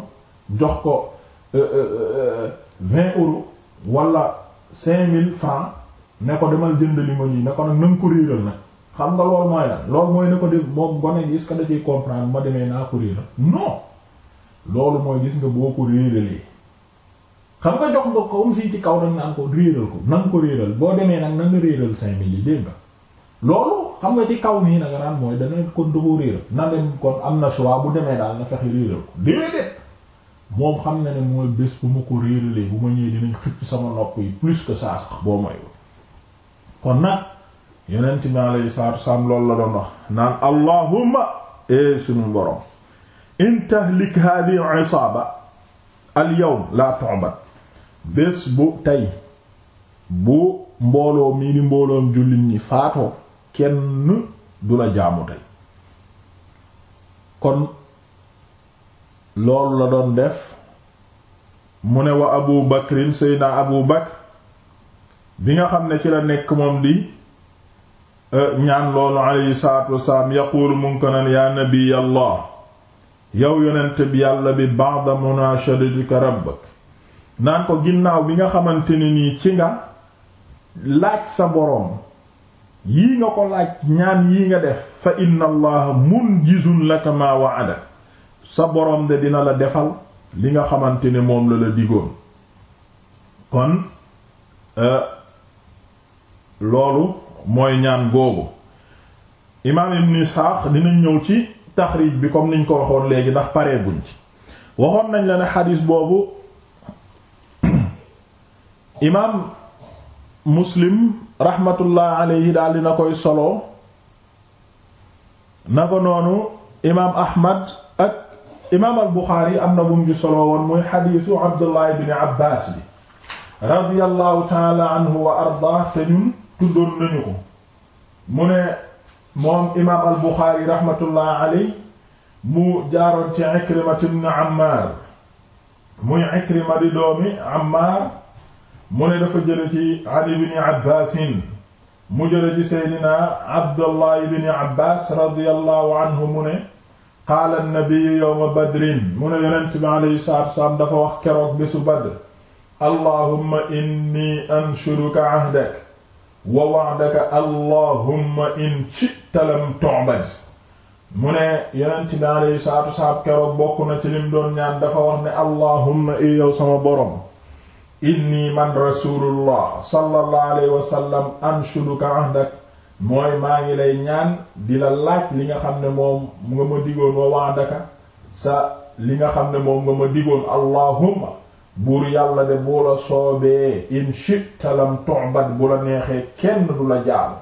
jox ko euh, euh, vingt euros wala cinq mille francs ne ko demal jënd li ma ne ko nag na nga ko réeral nag xam nga loolu mooy la loolu mooy ne ko def moom gone gi est-ce comprendre ma demee naa ko réeral non loolu mooy gis nga boo ko réeralee xam nga jox nga ko um ci kaw nag naan ko réeral ko na ko réeral boo demee nag na nga réeral cinq mille yi dégg nga loolu xam nga ci kaw nii nag naan mooy dana ko dafoo réeral na dem kon am na choix bu demee daal na fexe réeral ko déedéet moom xam na ne mooy bés bu ma ko réeralee bu ma ñëwee dinañ xëcc sama nopp yi plus que ça sax boo mayoo kon nag yonent bi alayhi salaatu wa loolu la doon wax naan allahumma e sunu borom in tahlik hadhihi isaaba al yawm la tu'bad bés bu tey bu mbooloo mii ni mbooloom jullit ñi faatoo kenn du la jaamu kon loolu la doon def mu ne wa abu bakrin seydna abu bakr bi nga xam ne ci la nekk moom di eh, ñaan loolu aleyhi salaatu wasalaam yaquulu mun yaa nabiyallah yow yonent bi yàlla bi ba'da munashadatika rabbak naan ko ginnaaw bi nga xamante ne nii ci nga laaj sa boroom yii nga ko laaj ñaan yii nga def fa inna allaha munjizun laka ma wa'ada sa boroom de dina la defal li nga xamante ne moom la la digoon kon euh, loolu mooy ñaan googu imaam ibn Isxaaq dina ñëw ci taxrij bi comme niñ ko waxoon léegi ndax paree guñ ci waxoon nañ la ne xadiis boobu [COUGHS] imaam muslim raxmatullah alayhi daal na koy solo na ko noonu imaam ahmad ak imaam buxaari am na bum ci solo woon muy xadiisu abdullah ibn abbaas bi radiyallahu taala anhu wa ardaa te ñun tuddoon nañu ko mu ne moom imaam al buxaari rahmatullah aley mu jaaroon ci Ikrimat ibn Ammaar muy Ikrima di doomi Ammaar mu ne dafa jële ci an ibni abbaasin mu jële ci seydina Abdullah ibni Abbaas radiyallahu anhu mu ne qaala annabiyu yawma badrin mu ne yonent bi aleyhi salaatu wasalaam dafa wax keroog bésu Badr allahumma inni anshuruka ahdak wa wa'daka allahumma in shi'ta anta lam tu'bad mu ne yeneen ci daal saatu saab keroog bokk na ci lim doon ñaan dafa wax ne allahumma i e sama borom inni man rasulullah sallallahu alayhi wa sallam anshuduka mooy maa ngi lay ñaan di la laaj li nga xam ne moom nga ma digoon wa wa'daka sa li nga xam ne moom nga ma digoon allahumma buur yàlla de bu la soobee in shi'ta lam bu la neexee kenn du la jaamu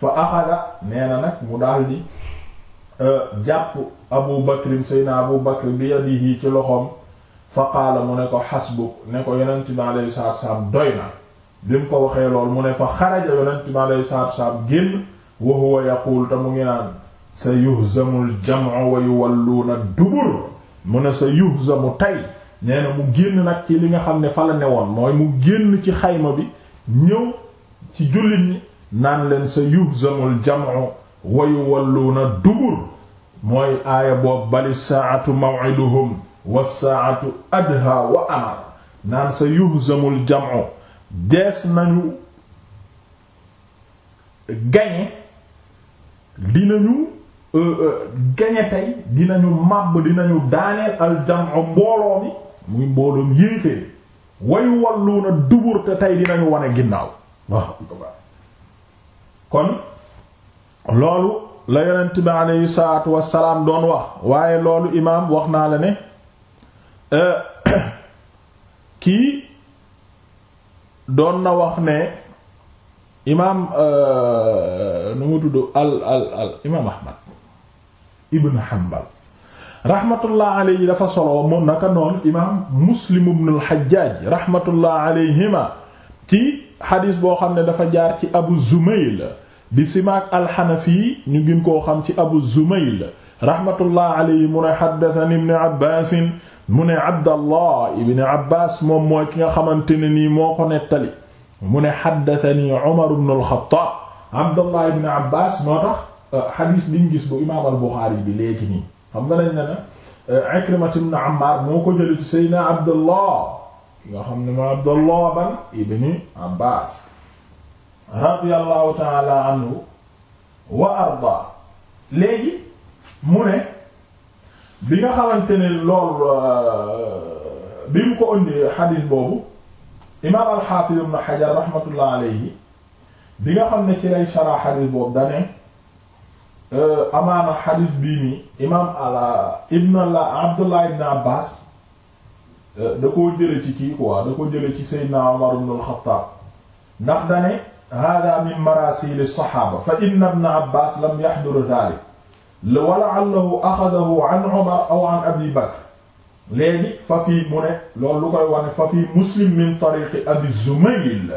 fa axada nee nag mu daldi di euh, jàpp abu bakrim seyna abu bakr bi yadihi ci loxoom fa qaala mu ne ko xasbuk ne ko yonent bi alayhi salaatu doy na bi mu ko waxee lool mu ne fa xaraja yonent bi alayhi salaatu wasalaam génn wa huwa yaquul te mu ngi naan sa yuhzamul jam'u wa yuwalluuna dubur mu ne sa yuhzamu tey nee mu génn nag ci li nga xam ne fa la woon mooy mu génn ci xayma bi ñëw ci jullit ñi naan leen sa yuhzamul jam'u wa yuwalluuna dubur mooy aaya boobu bali saa'atu maw'iduhum wassaa'atu adha wa amar naan sa yuhzamul jam'u dees nañu gañe dinañu euh, euh, gañe tey dinañu màbb dinañu daaneel aljam'u mbooloo mi muy mbooloom yéefee wayu walluuna dubur te tey dinañu wane ginnaaw kon loolu la yonent bi aleyhi salaatu wasalaam doon wax waaye loolu imaam wax naa la ne euh, [COUGHS] kii doon na wax ne imaam euh, nu mu tudd al al al imaam Ahmad ibn Hanbal rahmatullah aleyhi dafa solo moom naka noonu imaam Muslim ibn al rahmatullah aleyhima ci xadis boo xam ne dafa jaar ci abu zumayl di simaak alxanafi ñu gën koo xam ci abu zumayl rahmatullah alayhi mu ne xaddatani ibn abbas mu ne abdallah ibn abbas moom mooy ki nga xamante ne nii moo ko nettali mu ne xaddatani umar ibn alxattaab abdallah ibn abbas moo tax euh, xadis biñ gis bu imaam albuxaari bi léegi nii xam ne na euh, ikrimat ibn moo ko jële ci seydina abdallah nga xam ne ma Abdallah ban ibni Abbas radiyallahu taala anhu wa arda léegi mu ne bi nga xamante ne lool euh, bi mu ko indi xadiis boobu imaam al-Hafiz ibn Hajar rahmatullah alayhi bi nga xam ne ci lay shara xadiis boobu dane euh, amaana xadiis bii nii imaam ala ibn la Abdullah ibn Abbas da koo jële ci kii quoi da koo jële ci Seydina Umar ibn al-Khattab ndax dane hada min marasil as-sahaba fa inna ibn Abbas lam yahdur dhalik wa la'allahu akhadahu an Umar aw an Abi Bakr léegi fa fii mu ne loolu lu koy wane fa fii Muslim min tariqi Abi Zumayl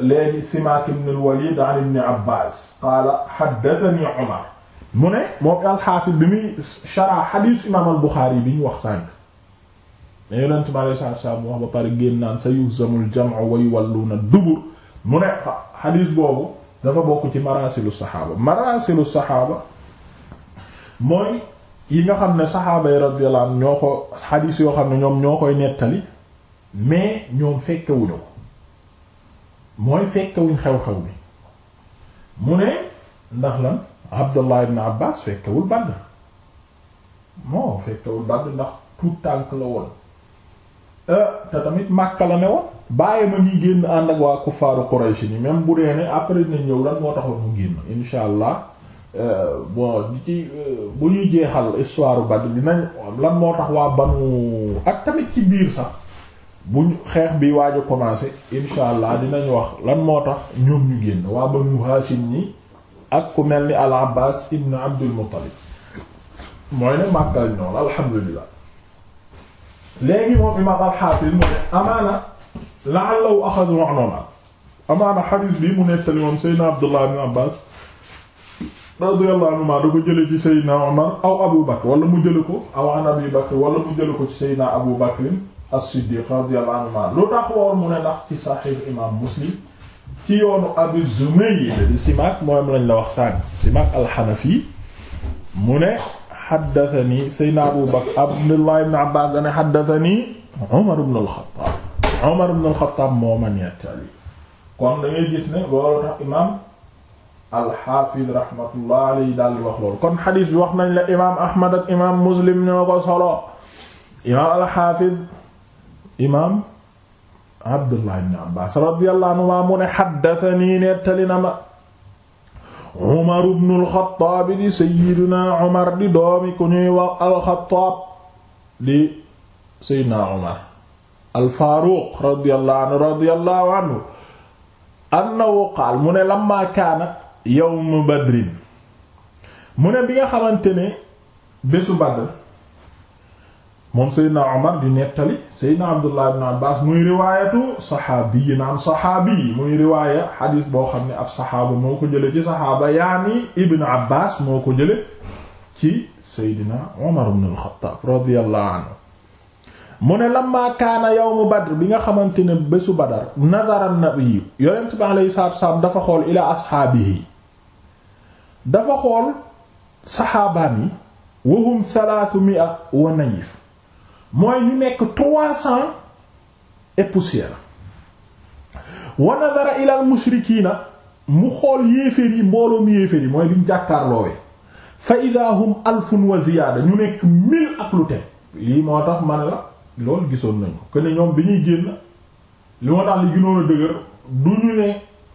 léegi Simaak ibn al-Walid an ibn Abbas qaala haddathani Umar mu ne moo alxaafis bi muy chara xadiis imaam al-Buxaari bi ñu wax sànq mais yonent mi alei wax ba pare génn naan sa yuzamul jam'u wa yuwalluna dubur mu ne xadiis ah, boobu dafa bokk ci marasilu saxaaba marasilu saxaaba mooy yi nga xam ne saxaaba yi radiyallahu anhum ñoo ko xadiis yoo xam ne ñoom ñoo koy nettali mais ñoom fekkewuñu ko mooy fekkewuñ xew-xew bi mu ne ndax lan Abdullah ibn Abbas fekkewul Badr moo fekkewul Badr ndax tuut tànk la woon Euh, te tamit Makka la ne woon bàyyi ma ngi génn ànd ak waa kuffaaru Quraysh ni même bu dee ne après dinañ ñëw lan moo taxoon mu génn insha allah euh, bon di ci euh, bu ñuy jeexal histoire Badr dinañ lan moo tax waa banu ak tamit ci biir sax bu xeex bi waaj a commencé insha allah dinañ wax lan moo tax ñoom ñu génn waa banu Hashim ñi ak ku mel ni al Abbas ibn Abdul Muttalib mooy ne Makka lañ noonu alhamdulillah léegi moom imaam alxaafis mu ne amaana la'allahu axadu U'nana amaana xadiis bi mu nettali moom Seydina Abdullah ibn Abbas radiyallahu anhuma da ko jële ci Seydina Umar aw Abu Bakr wala mu jële ko aw an Abi Bakr wala mu jële ko ci Seydina Abu Bakr as-Siddiq radiyallahu anhuma lu tax woon mu ne ndax ci Sahih imaam Muslim ci yoonu Abi Zumayl di Simaak mooy mu lañ la wax sànni Simaak al-Hanafi mu ne xaddatani seydna abu bakar abdullah ibn abbaas dana xaddatani umar ibn alxataab umar ibn alxataab moo ma nettali kon da ngay gis ne loolu tax imaam alxaafiz raxmatullah alayhi daal di wax loolu kon xadiis bi wax nañ la imaam ahmad ak imaam muslim ñoo ko solo imaam alxaafiz imaam abdullah ibn abbaas radiyallahu anhu mu ne xaddatani nettali na ma Umar ibn al-Khattab di Sayyidina Umar di doomi ku ñuy wax al-Khattab di Sayyidina Umar al-Faaruq radiyallahu anhu radiyallahu anhu annahu qaal mu ne lamma kaana yawmu badrin mu ne bi nga xamante ne bésu Badr moom Seydina Omar di nettali Seydina Abdullah ibn Abbas muy riwaayatu saxaabi yi muy riwaaya xadiis boo xam ne ab saxaaba moo ko jële ci saxaaba yaani Ibn Abbas moo ko jële ci Seydina Omar ibn al radiyallahu anhu mu ne lamma kaana yawmu Badr bi nga xamante ne bésu Badar nadara an-nabiyyu bi alayhi salaatu wassalaam dafa xool ilaa asxaabihi dafa xool saxaabaan yi wahum wa nayif mooy ñu nekk trois cents et poussière wa nadara ila al mu xool yéeféer yi mbooloom yéeféer yi mooy liñ jàkkaarloowee fa ida hum alfun wa ziyaada ñu nekk mille ak lu teg lii moo tax man la loolu gisoon nañu ko ne ñoom bi ñuy génn li moo tax li gënoon a dëgër du ñu ne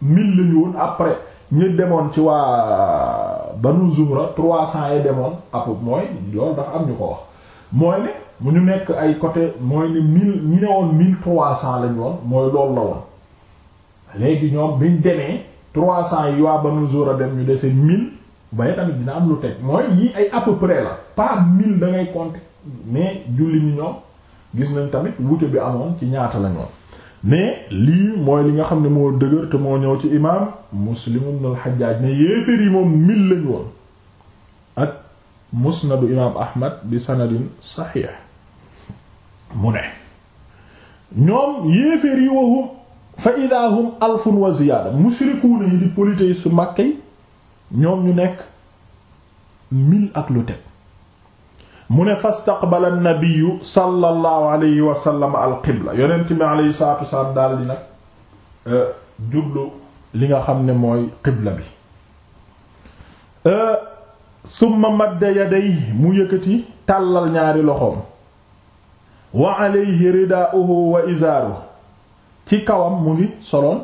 mille lañu woon après ñu demoon ci waa banu zuhra trois cents yi demoon app mooy loolu dafa am ñu ko wax mooy ne mu ñu nekk ay côté mooy ni mille ñi ne woon mille trois cents lañ woon mooy loolu la woon léegi ñoom biñ demee trois cents yi waa Banu Zura dem ñu dese mille baye tamit dina am lu teg mooy yi ay à près la pas mille da ngay mais julli ñu ñoom gis nañ tamit wuute bi amoon ci ñaata la mais lii mooy li nga xam ne moo dëgër te moo ñëw ci imaam Muslim ibn al-Hajjaj ne yéeféer yi moom mille lañ woon ak musnadu imaam Ahmad bi sanadin saxiix mu ne ñoom yéeféer yi wahum fa idaa hum alfun wa ziyaada mushrikuuna yi di polythéistes Makka yi ñoom ñu nekk mille ak lu teg mu ne fastaqbala an-nabiyyu sallallahu alayhi wa sallam al-qibla yonent bi alayhi salaatu wa salaam daal di nag euh, jublu li nga xam ne mooy qibla bi euh, summa madda yadayhi mu yëkkati tàllal ñaari loxoom wa alayhi ridaa'uhu wa izaaruhu ci kawam mu ngi soloon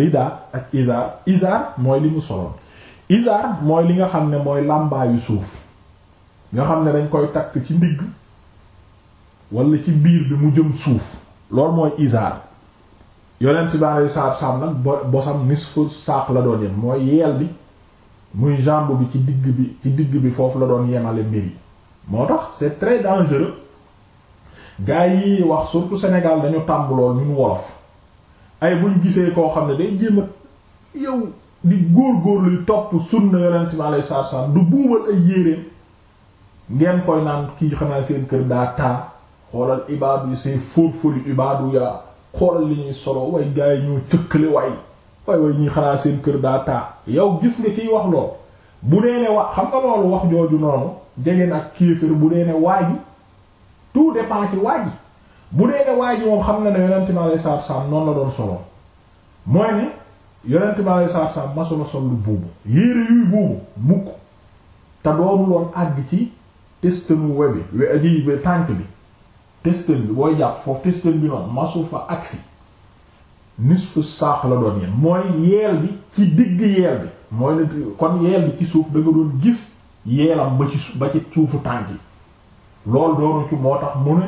ridaa ak izaar izaar mooy li mu soloon izaar mooy li nga xam ne mooy làmbaayu suuf nga xam ne dañ koy takk ci ndigg wala ci biir bi mu jëm suuf loolu mooy izaar yonent bi alayhi salaatu salaam nag bosam nisfu saaq la doon yem mooy yeel bi muy jambe bi ci digg bi ci digg bi foofu la doon yemale mbir yi moo tax c'est très dangereux gaa yi wax surtout Sénégal dañu tàmbalool ñun wolof ay buñ gisee koo xam ne day jéem a yow di góor-góorluy topp sunna yonent bi alayhi du buubal ay yéreem ngeen koy naan kii xanaa seen kër daa taa xoolal ibaadu yi seen fóot-fóoli ibaadu yaa xoolal li ñuy solo way gaa yi ñoo cëkkale way way way ñii xanaa seen kër daa taa yow gis nga kiy wax lool bu dee ne wax xam nga loolu wax jooju noonu jege nag kéefër bu dee ne waaji tout dépend ci waa ji bu dee ne waa ji moom xam na ne yonent bi alayhi salaatu salaam la doon solo mooy ne yonent bi alayhi salaatu salaam masula sol lu buubu yére yuy buubu mukk te doonul woon àgg ci testenu we bi we aji be tànk bi testen bi booy jàpp foofu testen bi noonu masu fa agsi nisfu saax la doon yem mooy yeel bi ci digg yeel bi mooy ne kon yeel bi ci suuf da nga doon gis yeelam ba ci suufu tànk yi loolu doonu ci moo tax mu ne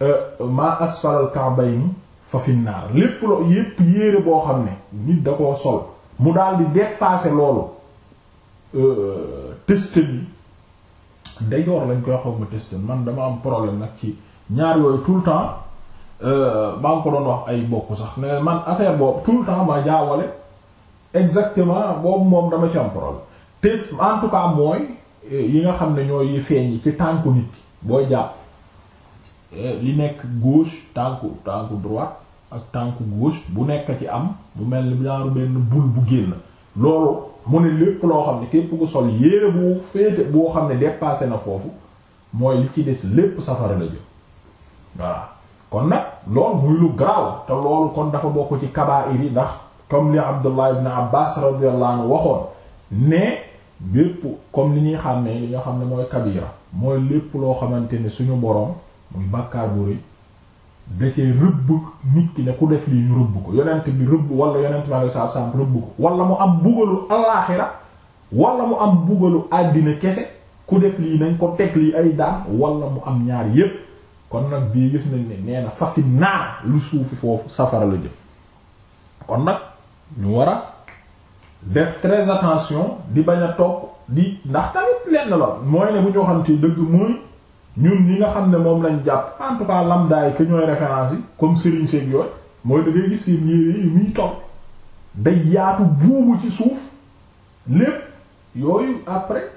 euh, maa asfalal ka'bayni fa finnaar lépp loo yépp yéere boo xam ne nit da koo sol mu daal di dépasser loolu euh, test bi dajoor lañ koy wax ma test man dama am problème nag ci ñaar yooyu tout le temps euh, maa ngi ko doon wax ay bokk sax ne man affaire boobu tout le temps ma jaawale exactement boobu moom dama ci am problème test en tout mooy yi nga xam ne ñooy yi feeñ ci tànku nit ki booy jàpp eh, li nekk gauche tànku tànku droite ak tànku gauche bu nekk ci am bu mel ni ñaaru benn bul bu génn loolu mu ne lépp loo xam ne képp ku sol yére bu féete boo xam ne dépassé na foofu mooy li ci des lépp safara la jëm voilà kon nag loolu muy lu garaaw te loolu kon dafa bokk ci kabaa'ir yi ndax comme li Abdullah ibn Abbas radiyallahu anhu waxoon ne bépp comme li ñuy xam ne li xam ne mooy kabira mooy lépp loo xamante ne suñu boroom muy bàkkaar bu rëy da rëbb nit ki ne ku def lii ñu rëbb ko yonent bi rëbb wala yonent ma saa saam rëbb ko wala mu am bugalu alaaxira wala mu am bugalu àddina kese ku def lii nañ ko teg lii ay daan wala mu am ñaar yépp kon nag bii gis nañ ne nee na fafi naa lu suufi foofu safara la jëm kon nag ñu war def très attention di bañ a topp di ndax tamit lenn la mooy ne bu ñu waxante dëgg mooy ñun ñi nga xam ne moom lañu jàpp en tout cas lambda yi que ñooy référence yi comme Serigne Cheikh yooyu mooy da gis seen yére yi muy topp day yaatu buubu ci suuf lépp yooyu après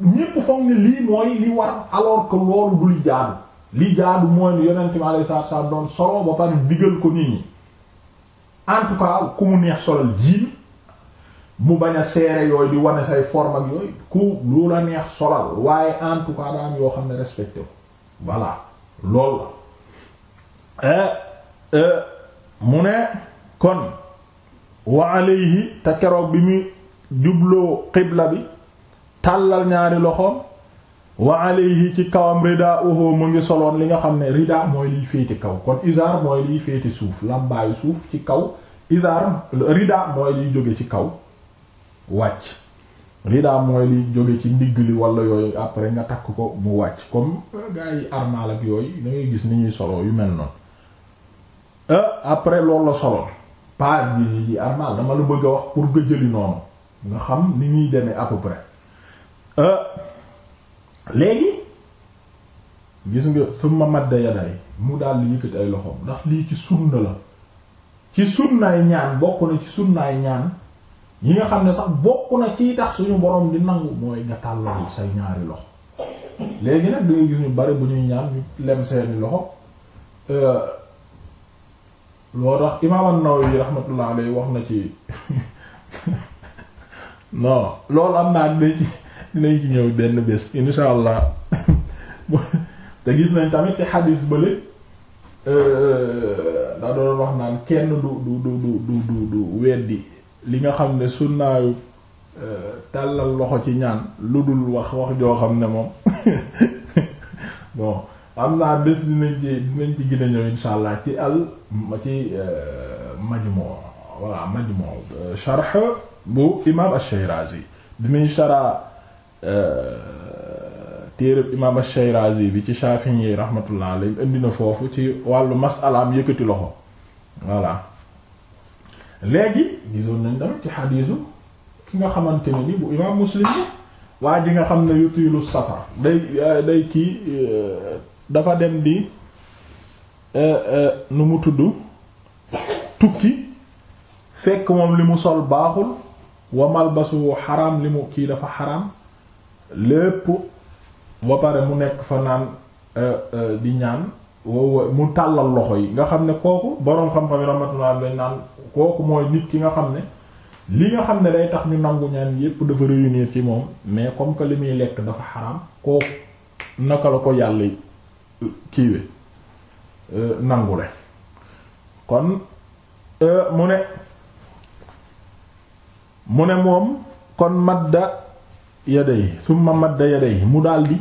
ñépp foog ne lii mooy li war alors que loolu du li jaadu li jaadu mooy ne yonent mi alayhi salaatu salaam doon solo ba pare digal ko nii ñi en ku mu neex solal jiin mu bañ a seere yooyu di wane say forme ak yooyu ku lu la neex solal waaye en daan yoo xam ne respecté ko voilà loolu la eh, eh, mu ne kon wa alayhi te keroog bi muy jubloo xibla bi tàllal ñaari loxoom wa alayhi ci kawam rida uhu mu ngi soloon li nga xam ne rida mooy liy féete kaw kon isaar mooy liy féete suuf lambaayu suuf ci kaw isaar rida mooy liy jóge ci kaw wàcc ridaa mooy li jóge ci ndigg li wala yooyu après nga takk ko mu wàcc comme euh, gars yi armal ak yooyu da ngay gis ni ñuy solo yu mel noonu euh, après loolu la solo pas bi yi armal dama la bëgg a wax pour nga jëli noonu nga xam ni ñuy demee à peu près euh, léegi gis nga summa madda yaday mu daal li ay loxoom ndax lii ci sunna la ci sunnaay ñaan bokk na ci sun sunnaay ñaan yi nga xam ne sax bokk na ci tax suñu borom di nangu mooy nga tàllalu say ñaari loxo léegi nag dangay gis ñu bari bu ñuy ñaan lem seeni loxo euh, loo tax imaam an wax na ci [LAUGHS] non loolu am naa [LAUGHS] dinañ ci ñëw benn bés insha allah [LAUGHS] te gis nañ tamit ci xadiis bële euh, daa doon wax naan kenn du du du du du du weddi li nga xam ne sunnaayu euh, tàllal loxo ci ñaan lu dul wax wax joo xam ne moom [LAUGHS] bon am laa bés dinañ ci dinañ ci gën ñëw insha allah ci àll ma ci euh, majmu voilà majmu euh, sharh bu imam ash-Shirazi bi muy shara téereb imam ash-Shirazi bi ci Shafi'i rahmatullah alayhi indi na foofu ci wàllu masalaam yëkkati loxo voilà léegi gisoon nañ tamit ci xadiisu ki nga xamante ne ni bu imaam muslim waa ji nga xam ne yutiilu safar day euh, day kii euh, dafa dem di euh, nu mu tudd tukki fekk moom li mu sol baaxul wa malbasuhu xaram li mu kii dafa xaram lépp ba pare mu nekk fa naan di ñaan woow mu tàllal loxo yi nga xam ne kooku boroom xam-xam yi rahmatullah dañ naan kooku mooy nit ki nga xam ne li nga xam ne day tax ñu nangu ñaan yépp dafa réunir ci moom mais comme que li muy lekk dafa ko yàlla euh, kiiwe euh, nangule kon euh, mu ne mu ne moom kon madda yaday summa madda yaday mu daldi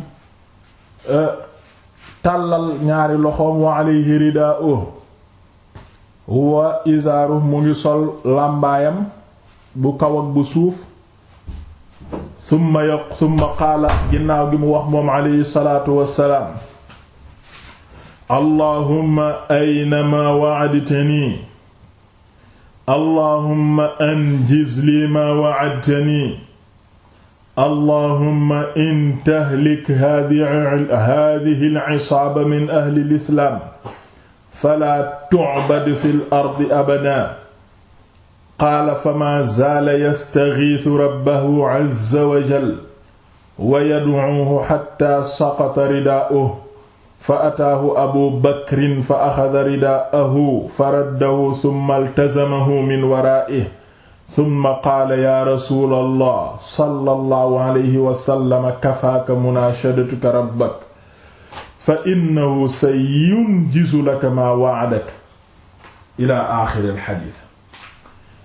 tàllal ñaari loxoom wa alayhi ridaa'uhu wa izaaruhu mu ngi sol làmbaayam bu kaw bu suuf summa yaq summa qaala ginnaaw gi mu wax moom alayhi salaatu wassalaam allahumma aynama wa'adtani allahumma anjiz li ma wa'adtani allahumma in tahlik haadihi al-isaaba min ahli al-islaam falaa tu'bad fi al-ardi abadan qaala famaa zaala yastagiisu rabbahu azza wa jalla wa yad'uuhu hattaa saqata ridaa'uhu fa ataahu abu bakrin fa axada ridaa'ahu fa raddahu summa iltazamahu min waraa'ihi summa qaala yaa rasuulallah sallallahu alayhi wa sallam kafaaka munaashadatuka rabbak fa innahu sayunjizu laka maa wa'adaka ilaa aaxiri alxadiis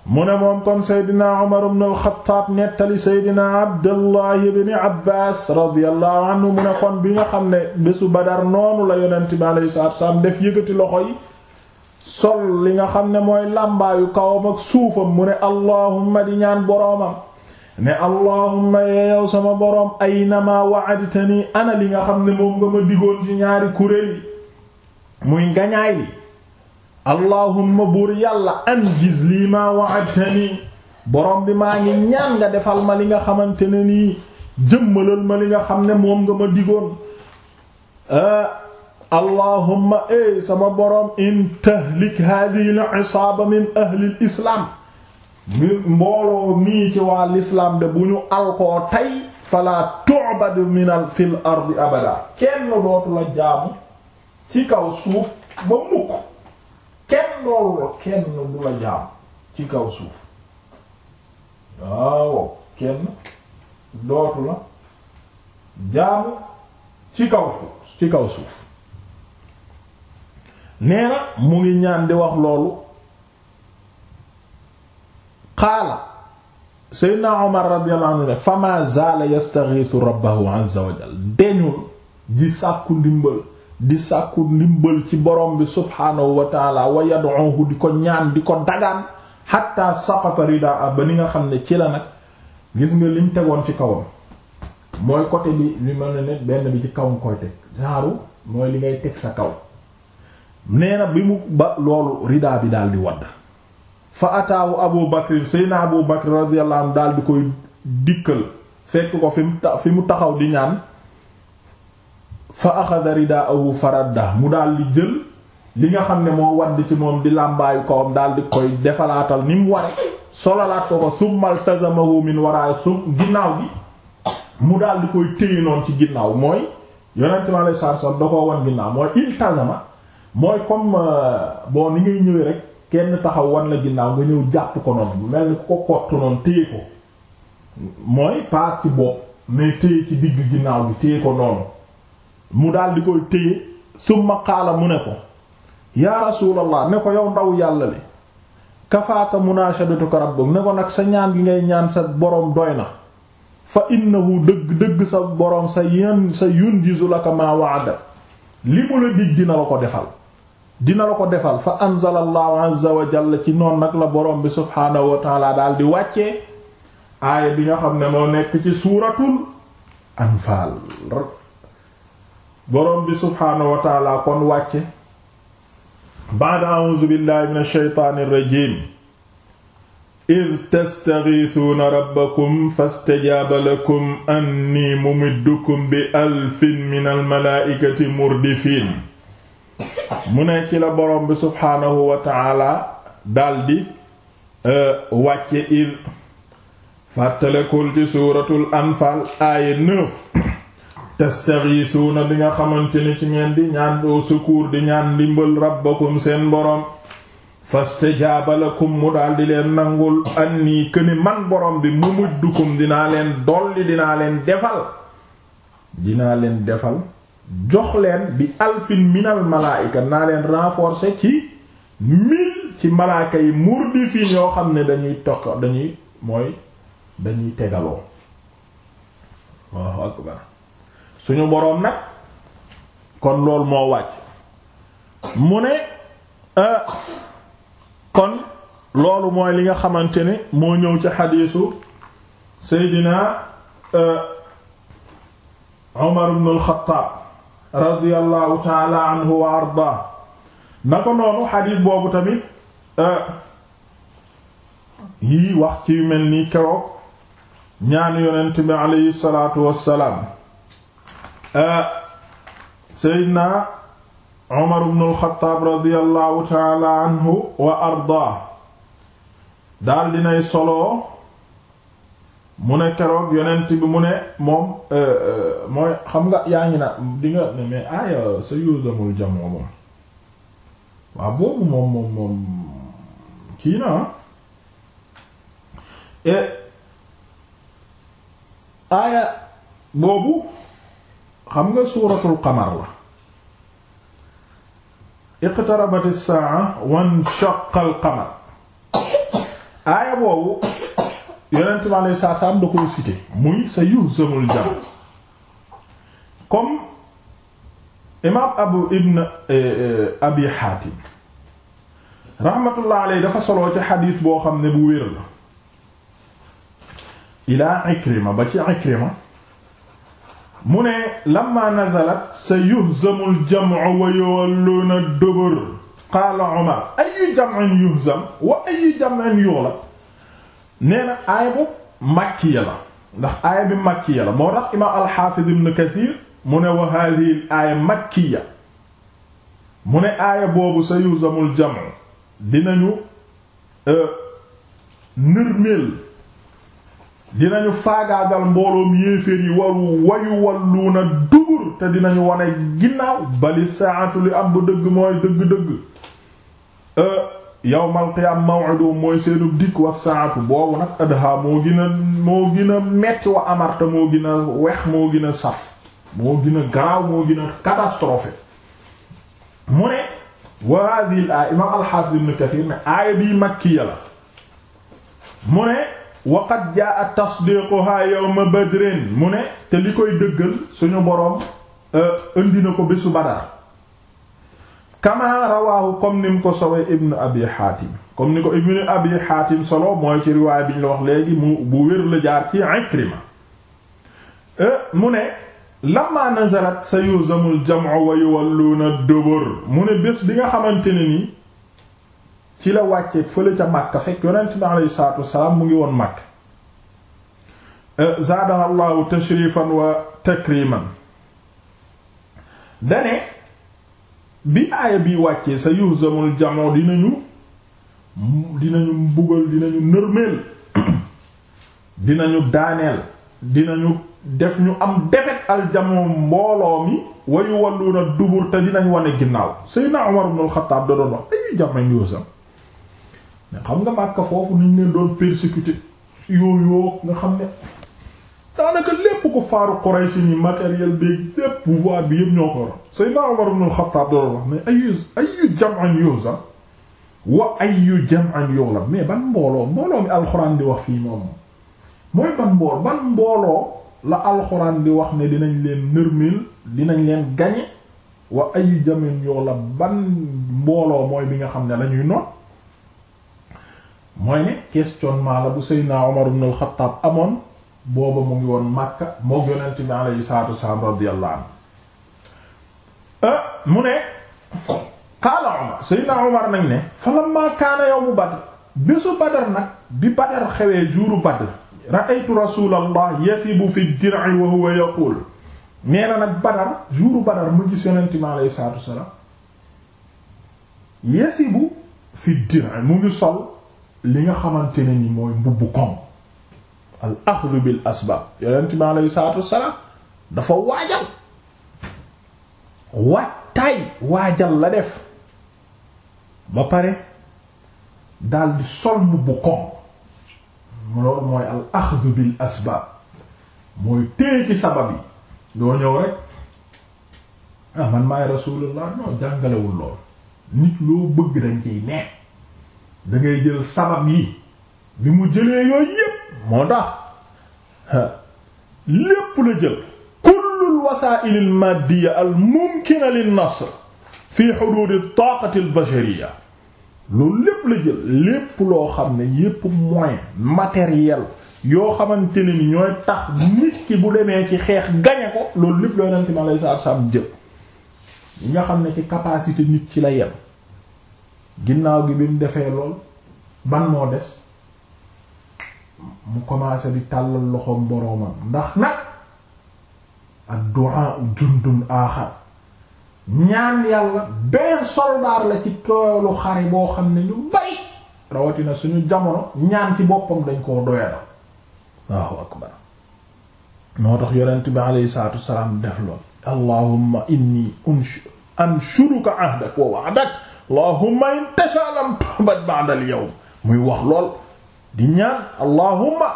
mu ne moom kon seydina Umar ibn al-Xattaab nettali seydina Abdullahi ibn Abbaas radiyallahu anhu mu ne kon bi nga xam ne bésu Badar noonu la yonent bi alayhi salaatu wa salaam def yëkkati loxo yi sol li nga xam ne mooy làmbaayu kawam ak suufam mu ne allahumma di ñaan boroomam ne allahumma yeeyow sama boroom aynama wa'adtani ana li nga xam ne moom nga ma digoon ci ñaari kuréel yi muy ngañaay li allahumma buur yàlla anjiz lii ma wa'adtani boroom bi maa ngi ñaan nga defal ma li nga xamante ne nii jëmmalal ma li nga xam ne moom nga ma digoon ah, allahumma ey sama borom in tahlik hadihi l isaaba min ahlil islaam mbooloo mii ci waa lislaam de bu ñu alkoo tey fala tu'bad min al fil ardi kenn dootu la jaamu ci kaw suuf ba mukk kaw kenn dootu la jaamu ci kaw suuf ci kaw suuf nee na mu ngi ñaan di wax loolu qaala seydna omar radiyallahu anhu ne fa ma zaala yastaghithu rabbahu azza wa deñul di sàkku ndimbal di sàkku ndimbal ci borom bi subhaanahu wa taala wa di ko ñaan di ko dagaan hatta saqata ridaa ba ni nga xam ne ci la nag gis nga liñ tegoon ci kawam mooy côté bi li ma ne ne benn bi ci kaw nga koy teg genre mooy li ngay teg sa kaw nee bi mu ba loolu ridaa bi daal di wadd fa ataawu abu bakrin seyna abu bakrin radiyallahu anhu daal di koy dikkal fekk ko fi mu fi mu taxaw di ñaan fa axada ridaahu faradda mu daal jël li nga xam ne moo wadd ci moom di làmbaayu kawam daal koy defalaatal ni mu ware sololaat ko ko summal tazamahu min waraay sum ginnaaw gi mu daal di koy téye ci ginnaaw mooy yonent mi alayhi da koo wan ginnaaw mooy il tazama mooy comme euh, bon ni ngay ñëwee rek kenn taxaw wan la ginnaaw nga ñëw jàpp ko noonu mel ni ko kott noonu téye ko mooy pas ci bopp mais téye ci digg ginnaaw bi téye ko noonu mu daldi di koy téye summa qaala mu ne ko yaa rasulallah ne ko yow ndaw yàlla li kafaata munashadatuka rabbuk ne ko nag sa ñaan gi ngay ñaan sa boroom doy na fa innahu dëgg dëgg sa boroom sa yan sa yunjizu laka ma wa'ada li mu la dig dina la ko defal dina la ko defal fa anzala allahu azza wa jalla ci noon nag la borom bi subhaanahu wa taala daal di wàccee aaya bi nga xam ne moo nekk ci suuratul anfaal borom bi subhaanahu wa taala kon wàcce ba'da a'uuzu billahi minash shaytaanir rajiim id tastagiisuuna rabbakum fastajaaba lakum anni mumiddukum bi alfin minal malaa'ikati murdifiin mu ne ci la borom bi subhaanahu wa taala daldi e, wàcce il fàttalekul ci suuratul anfaal aaye neuf tastaghithuna bi nga xamante ni ci ngeen di ñaan au secours di ñaan ndimbal rabbakum seen borom fastajaaba lakum mu daldi leen nangul anni këni man borom bi mumiddukum dinaa leen dolli dinaa leen defal dinaa leen defal jox bi alfin minal malaayika naa leen renforcer ci mil ci malaaka yi murdifin yoo xam ne dañuy tokk dañuy mooy dañuy tegaloo waaw akbar suñu boroom nag kon loolu moo wàcc mu ne euh, kon loolu mooy li nga xamante ne moo ñëw ci xadiisu Seydina Umar euh, ibn al radiyallahu taala anhu wa arda na ko noonu xadiis boobu tamit euh, yii wax ci mel nii keroog ñaanu yonent bi aleyhi salaatu wassalaam euh, seydna Umar ibn al-Khattab radiyallahu taala anhu wa arda daal dinay solo mu ne keroog yonent bi mu ne moom euh, euh, mooy xam nga yaa ngi na di ne mais aaya sa yuusamul jamoo moom waaw boobu moom moom kii na ah. aaya boobu xam nga suuratul qamar la iqtarabat as-sa'a wa inshaqqal aaya boobu yonent mi alayhi salaatu salaam da koo cité muy sa yuhzamul jam comme imaam abu ibn eh, eh, abi haatim rahmatullah alayhi dafa soloo ci xadiis boo xam ne bu wér la ilaa ikrima ba ci ikrima mu ne lamma nazalat sa yuhzamul jam'u wa yuwalluuna dubur qaala umar ayyu jam'in yuhzam wa ayyu jam'in yughlab nee na aaya bu makkiya la ndax aaya bi makkiya la moo tax imaam alxaafiz ibn kathir mu ne wa haadihi aaya makkiya mu ne aaya boobu sa yuzamul jamu dinañu euh, nërmeel dinañu faagaagal mbooloom yéeféer yi waru wayu walluuna dubur te dinañu wone ginnaaw bali saatu li am bu dëgg mooy dëgg-dëgg euh, yawmal qiyaam maw'idum mooy seenub dikk wa saatu boobu nag adha moo gën moo gën metti wa amarta moo gën wex moo gën saf moo gën garaaw moo gën a mu ne wa hadhihi al aaya imaam al-Hafiz ne aaya bi makkiya la mu ne wa qad jaa tasdiquha yawma badrin mu ne te li koy dëggal suñu boroom euh, indi na ko bésu Badar kamaa rawaahu comme ni mu ko sowee ibn abi xaatim ni ko ibn abi xaatim solo mooy ci riwaay bi ñu la wax léegi mu bu wér la jaar ci ikrima e, mu ne lamma nazalat sa yuzamul jam'u wa yuwalluuna dubur mu ne bés bi nga xamante ne ni ci la wàcce fële ca Makka fekk yonent bi mu ngi woon Makka e, zaadaha allahu tashrifan wa takriman dane bi aaya bi wàccee sa yuhzamul jamoo dinañu dinañu mbugal dinañu nërmeel [CLEARS THROAT] dinañu daaneel dinañu def ñu am defet aljamoo mbooloo mi wayu walluuna dubur te dinañ wane ginnaaw Seydina Umar ibn al-Khattab da doon wax dañuy jàmmañ yuhzam xam nga Makka foofu niñ leen doon persécuté yooyu nga xam ne daanaka lépp ko faaru Quraysh ñi matériel bi lépp pouvoir bi yëpp ñoo ko ron Seydina Umar ibn al-Khattab doon wax mais ayu ayu jam'an yuza wa ayu jam'an mais ban mbooloo mbooloo mi alxuraan di wax fii moom mooy ban mbooloo la alxuraan di wax ne dinañ leen nërmil dinañ leen gañe wa ayu jam'an yughlab ban mbooloo mooy bi nga xam ne lañuy noon mooy ne questionnement la bu Seydina Umar ibn al amoon booba mu ngi woon Makka moo yonent bi alayhi salaatu wassalaam radiyallahu anhu ah, mu ne qaala Umar Seydina Umar nañ ne falamma kaana yawmu Badr bésu Badr nag bi Badr xewee juuru Badr ra'aytu rasulallah yasibu fi dir'i wa huwa yaqul nee na nag Badr juuru Badr mu gis yonent bi alayhi salaatu wassalaam yasibu fi dir'i mu ngi sol li nga xamante ne ni mooy mbubbu koŋ al axdu bil asbaab yonent bi aleyhi salaatu wassalaam dafa waajal wattaay waajal la def ba pare daldi sol bu koŋ loolu mooy al axdu bil asbaab mooy téye ci sabab yi doo ñëw rek ah, man maay rasulullah non jàngalewul lool nit loo bëgg dañ ciy ne da jël sabab yi bi mu jëlee yooyu yépp moo tax lépp la jël kullul wasaa'il al maddiya al mumkina lin nasr fi hudud al taaqati loolu lépp la jël lépp loo xam ne yépp moyen matériel yoo xamante ne ni ñooy tax nit ki bu demee ci xeex gañe ko loolu lépp looy naan ci ma lay jël yi nga xam ne ci capacité nit ci la yem ginnaaw gi bi mu defee lool ban moo des mu commencé di tàllal loxoom boroomam ndax na ak du'a jundun aaxar ñaan yàlla benn soldaar la ci toolu xare boo xam ne ñu bari rawatina suñu jamono ñaan ci boppam dañ koo doyadal Allahu akbar moo tax yonent bi alayhi salaatu wassalaam def lool allahumma inni anshuruka ahdak wa wa'dak allahumma in tasha lam tuhbad ba'da al muy wax lool di ñaan allahumma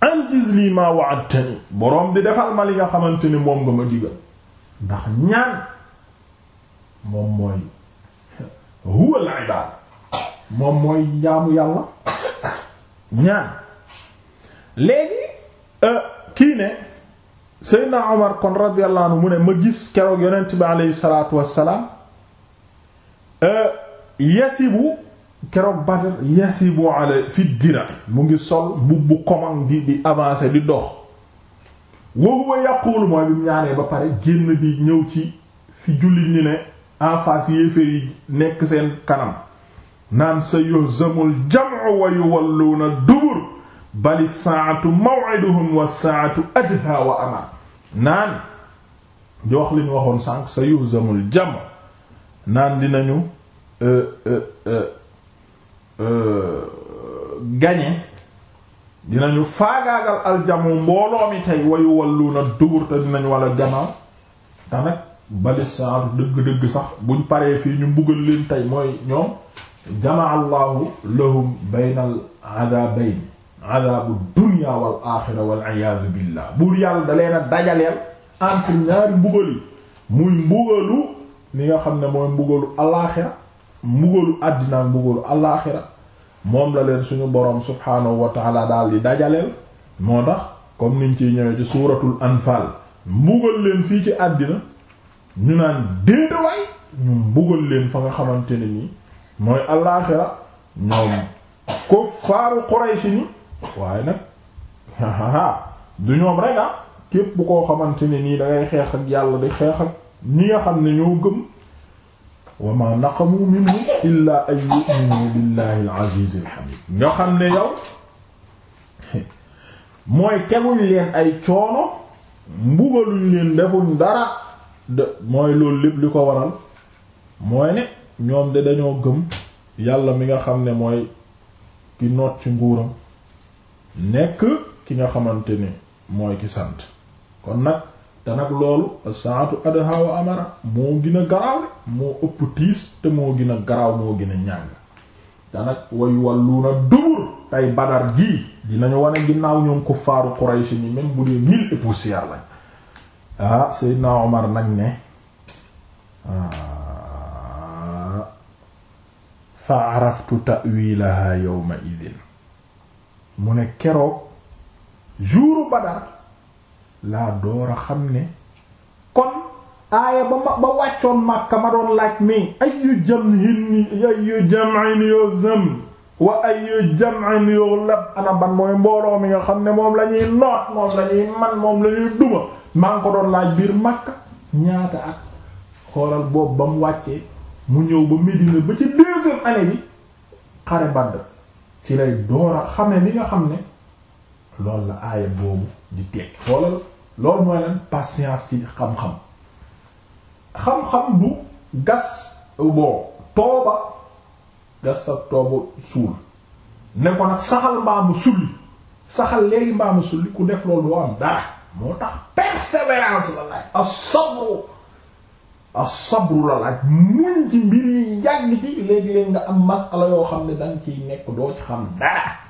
anjiz lii ma wa'adtani boroom bi defal ma li nga xamante ni moom nga ma digal ndax ñaan moom mooy huwa al-ibaad moom mooy jaamu yàlla ñaan léegi euh, kii ne Seydina Omar kon radiyallahu mu ne ma gis keroog yonent bi aleyhi salaatu wassalaam euh, yasibu keroog Badr yasibu ala fi dira mu ngi sol bubbu komang di di avancer di dox wa huwa yaqulu mooy bi mu ñaanee ba pare génn di ñëw ci fi jullit ñi ne en face yéeféer yi nekk seen kanam naan sa yuhzamul jam'u wa yuwalluuna dubur bali saatu maw'iduhum wa saatu adha wa aman naan di wax li waxoon sànq sa yuhzamul jam'u naan dinañu euh, euh, euh, Euh, gañe dinañu faagaagal aljamu mbooloo mi tey wayu walluuna dubur te dinañ wala gannaaw te nag dëgg-dëgg sax buñ paree fii ñu mbugal leen tey mooy ñoom jamaa allahu lahum baynal adabayn adabu dunya wal axira wal iyaazu billah buur yàlla da leen a dajaleel entre ñaari mbugal muy mbugalu ni nga xam ne mooy mbugalu alaaxira mbugalu àddina ak mbugalu alaaxira moom la leen suñu boroom subhaanahu wa daal di dajaleel moo tax comme niñ ci ñëwee ci suuratul anfaal mbugal leen fii ci àddina ñu naan déetawaay ñu mbugal leen fa nga xamante ne nii mooy alaaxira ñoom ko faaru Quraysh ni waaye nag [LAUGHS] du ñoom rek ah képp koo xamante nii dangay xeex ak yàlla di xeex ak ñi nga xam ne ñoo gëm wa ma naqamu minhu illa an yu'minu billahi al-aziz al-hamid nga xam ne yow mooy teguñ leen ay coono mbugaluñ leen defuñ dara de mooy loolu lépp li ko waral mooy ne ñoom de dañoo gëm yàlla mi nga xam ne mooy ki noot ci nguuram nekk ki nga xamante ni mooy ki sant kon nag te nag loolu saatu adha wa amara moo gën a garaaw moo ëpp tiis te moo gën a garaaw moo gën ñàng te nag way dubur tey badar gii dinañu wane ginnaaw ñoom kuffaaru Quraysh ñi même bu dee mille et poussière lañ ah Seydina Omar nag ne ah, fa araftu ta'wilaha yawma idin mu ne keroog jouru badar laa door a xam ne kon aaya ba ma ba wàccoon Makka ma doon laaj mi ayyu jam'in ayyu jam'in yuzam wa ayyu jam'in yughlab ana ban mooy mbooloo mi nga xam ne moom la ñuy moom la man moom la duma maa ngi ko doon laaj biir Makka ñaata at xoolal boobu ba mu wàccee mu ñëw ba Médina ba ci deuxième année bi xare Badr ci lay door a xamee li nga xam ne loolu la aaya boobu di tekki xoolal loolu mooy lan patience ci xam-xam xam-xam du gas bon tooba gas sa tooba suul ne ko saxal mbaamu sulli saxal léegi mbaamu sulli ku def loolu doo am dara moo tax persévérance la laaj as-sabru as-sabru la laaj muñ ci mbir yi yàgg léegi-léegi nga am masala yoo xam ne danga ciy nekk doo ci xam dara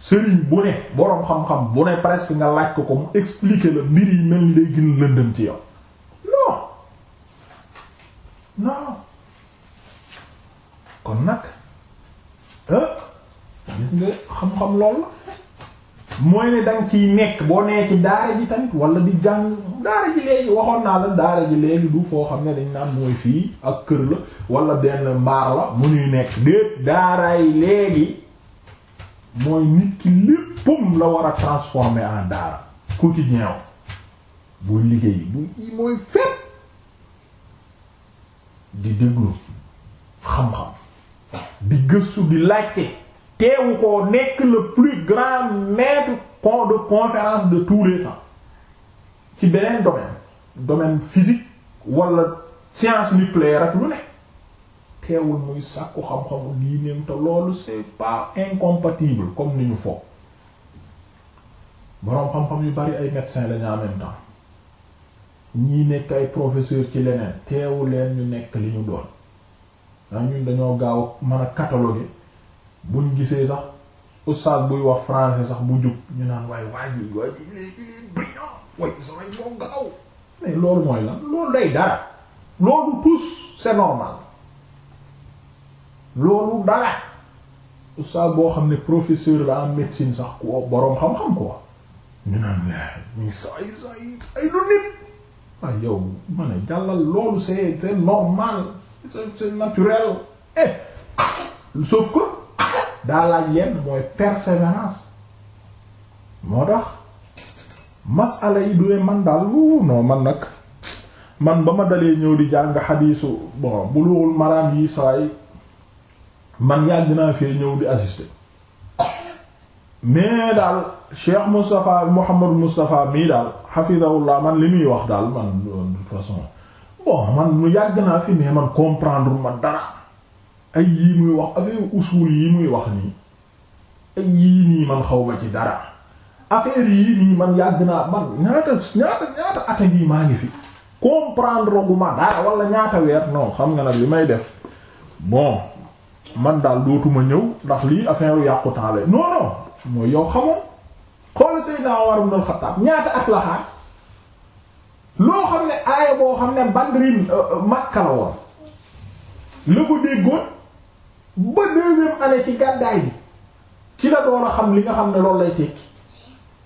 sëriñ bu ne boroom xam-xam bu ne presque nga laaj ko ko mu expliquer la mbir yi mel ni lay gën lëndëm ci yow non non kon nag gis nga xam-xam lool la mooy ne danga ciy nekk boo nee ci daara ji tamit wala di jàng daara ji léegi waxoon naa la daara ji léegi du foo xam ne dañ naan mooy fii ak kër la wala benn mbaar la mu ñuy nekk déet daara yi léegi mooy nit ki léppam la war a transformer en daara quotidien bu liggéey bu mooy fépp di déglu xam-xam di gëstu di laajte teewu koo nekk le plus grand maître de conférence de tous les temps ci beneen domaine domaine physique wala science nucléaire ak lu ne teewul muy sàkku xam-xamu diineem te loolu c'est pas incompatible comme ni ñu foog boroom xam-xam yu bari ay médecins lañu en même temps ñii nekk ay professeur ci leneen teewu leen ñu nekk li ñu doon ndax ñun dañoo gaaw mën a cataloguer buñ gisee sax oustaz buy wax français sax bu jub ñu naan waaye waa ji waa ji brillant waaye sama moo gaaw mais loolu mooy lan loolu day dara loolu tous c'est normal loolu dara oustaz boo xam ne professeur la en médecine sax ku boroom xam-xam quoi ñu naan ñu say say ay lu nit waaye ah, yow ma ne jàllal loolu c'est c'est normal c'est naturel eh sauf que daa laaj mooy persévérance moo tax masala yi duwee man daal wu man nag man ba ma dalee ñëw di jàng xadiisu bon bu luwul maraam yi saay man yàgg naa fee ñëw di assister mais daal Cheikh Moustapha Mouhamadou Moustapha mii daal hafizahullah man li muy wax daal man euh, de façon bon man mu yàgg naa fi mais man comprendre ma dara ay yii muy wax affaire usul yi muy wax nii ay yii nii man xaw ma ci dara affaire yii nii man yàgg naa man ñaata ñaata ñaata at yi maa ngi fi comprendre gu ma dara wala ñaata weer non xam nga nag li may def bon. man daal dootuma ñëw ndax lii affaire yàqu temps la non non mooy yow xamoon xool Seydina Umar ibn al-Khattab ñaata at la xaar loo xam ne aaya boo xam ne Badrin euh, Makka la woon la ko déggoon ba deuxième année ci gàddaay bi ci la doon a xam li nga xam ne lool lay tekki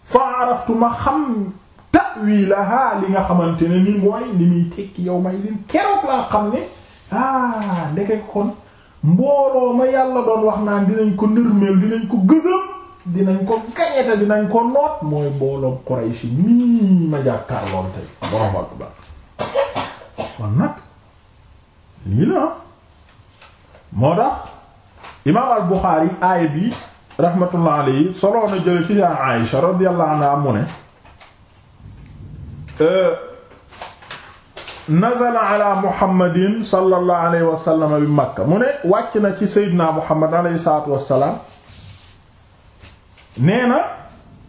fa araftu ma xam ta'wilaha li nga xamante ne ni mooy li muy tekki yow may lin keroog laa xam ne ah ndeke kon mbooloo ma yàlla doon wax naan dinañ ko nërmeel dinañ ko gësam dinañ ko gañete dinañ ko noot mooy mbooloo Quraysh nii ma jàkkaarloon tey Allahu akbar kon nag lii la moo tax imaam al Buxaari aaya bi rahmatullah alayhi soloon a jële ci yaa Aïsha radiyallahu anha mu ne euh, nazala ala muhammadin sallallahu alayhi wa bi makka mu ne wàcc na ci seydina muhammad alayhi salaatu wassalaam nee na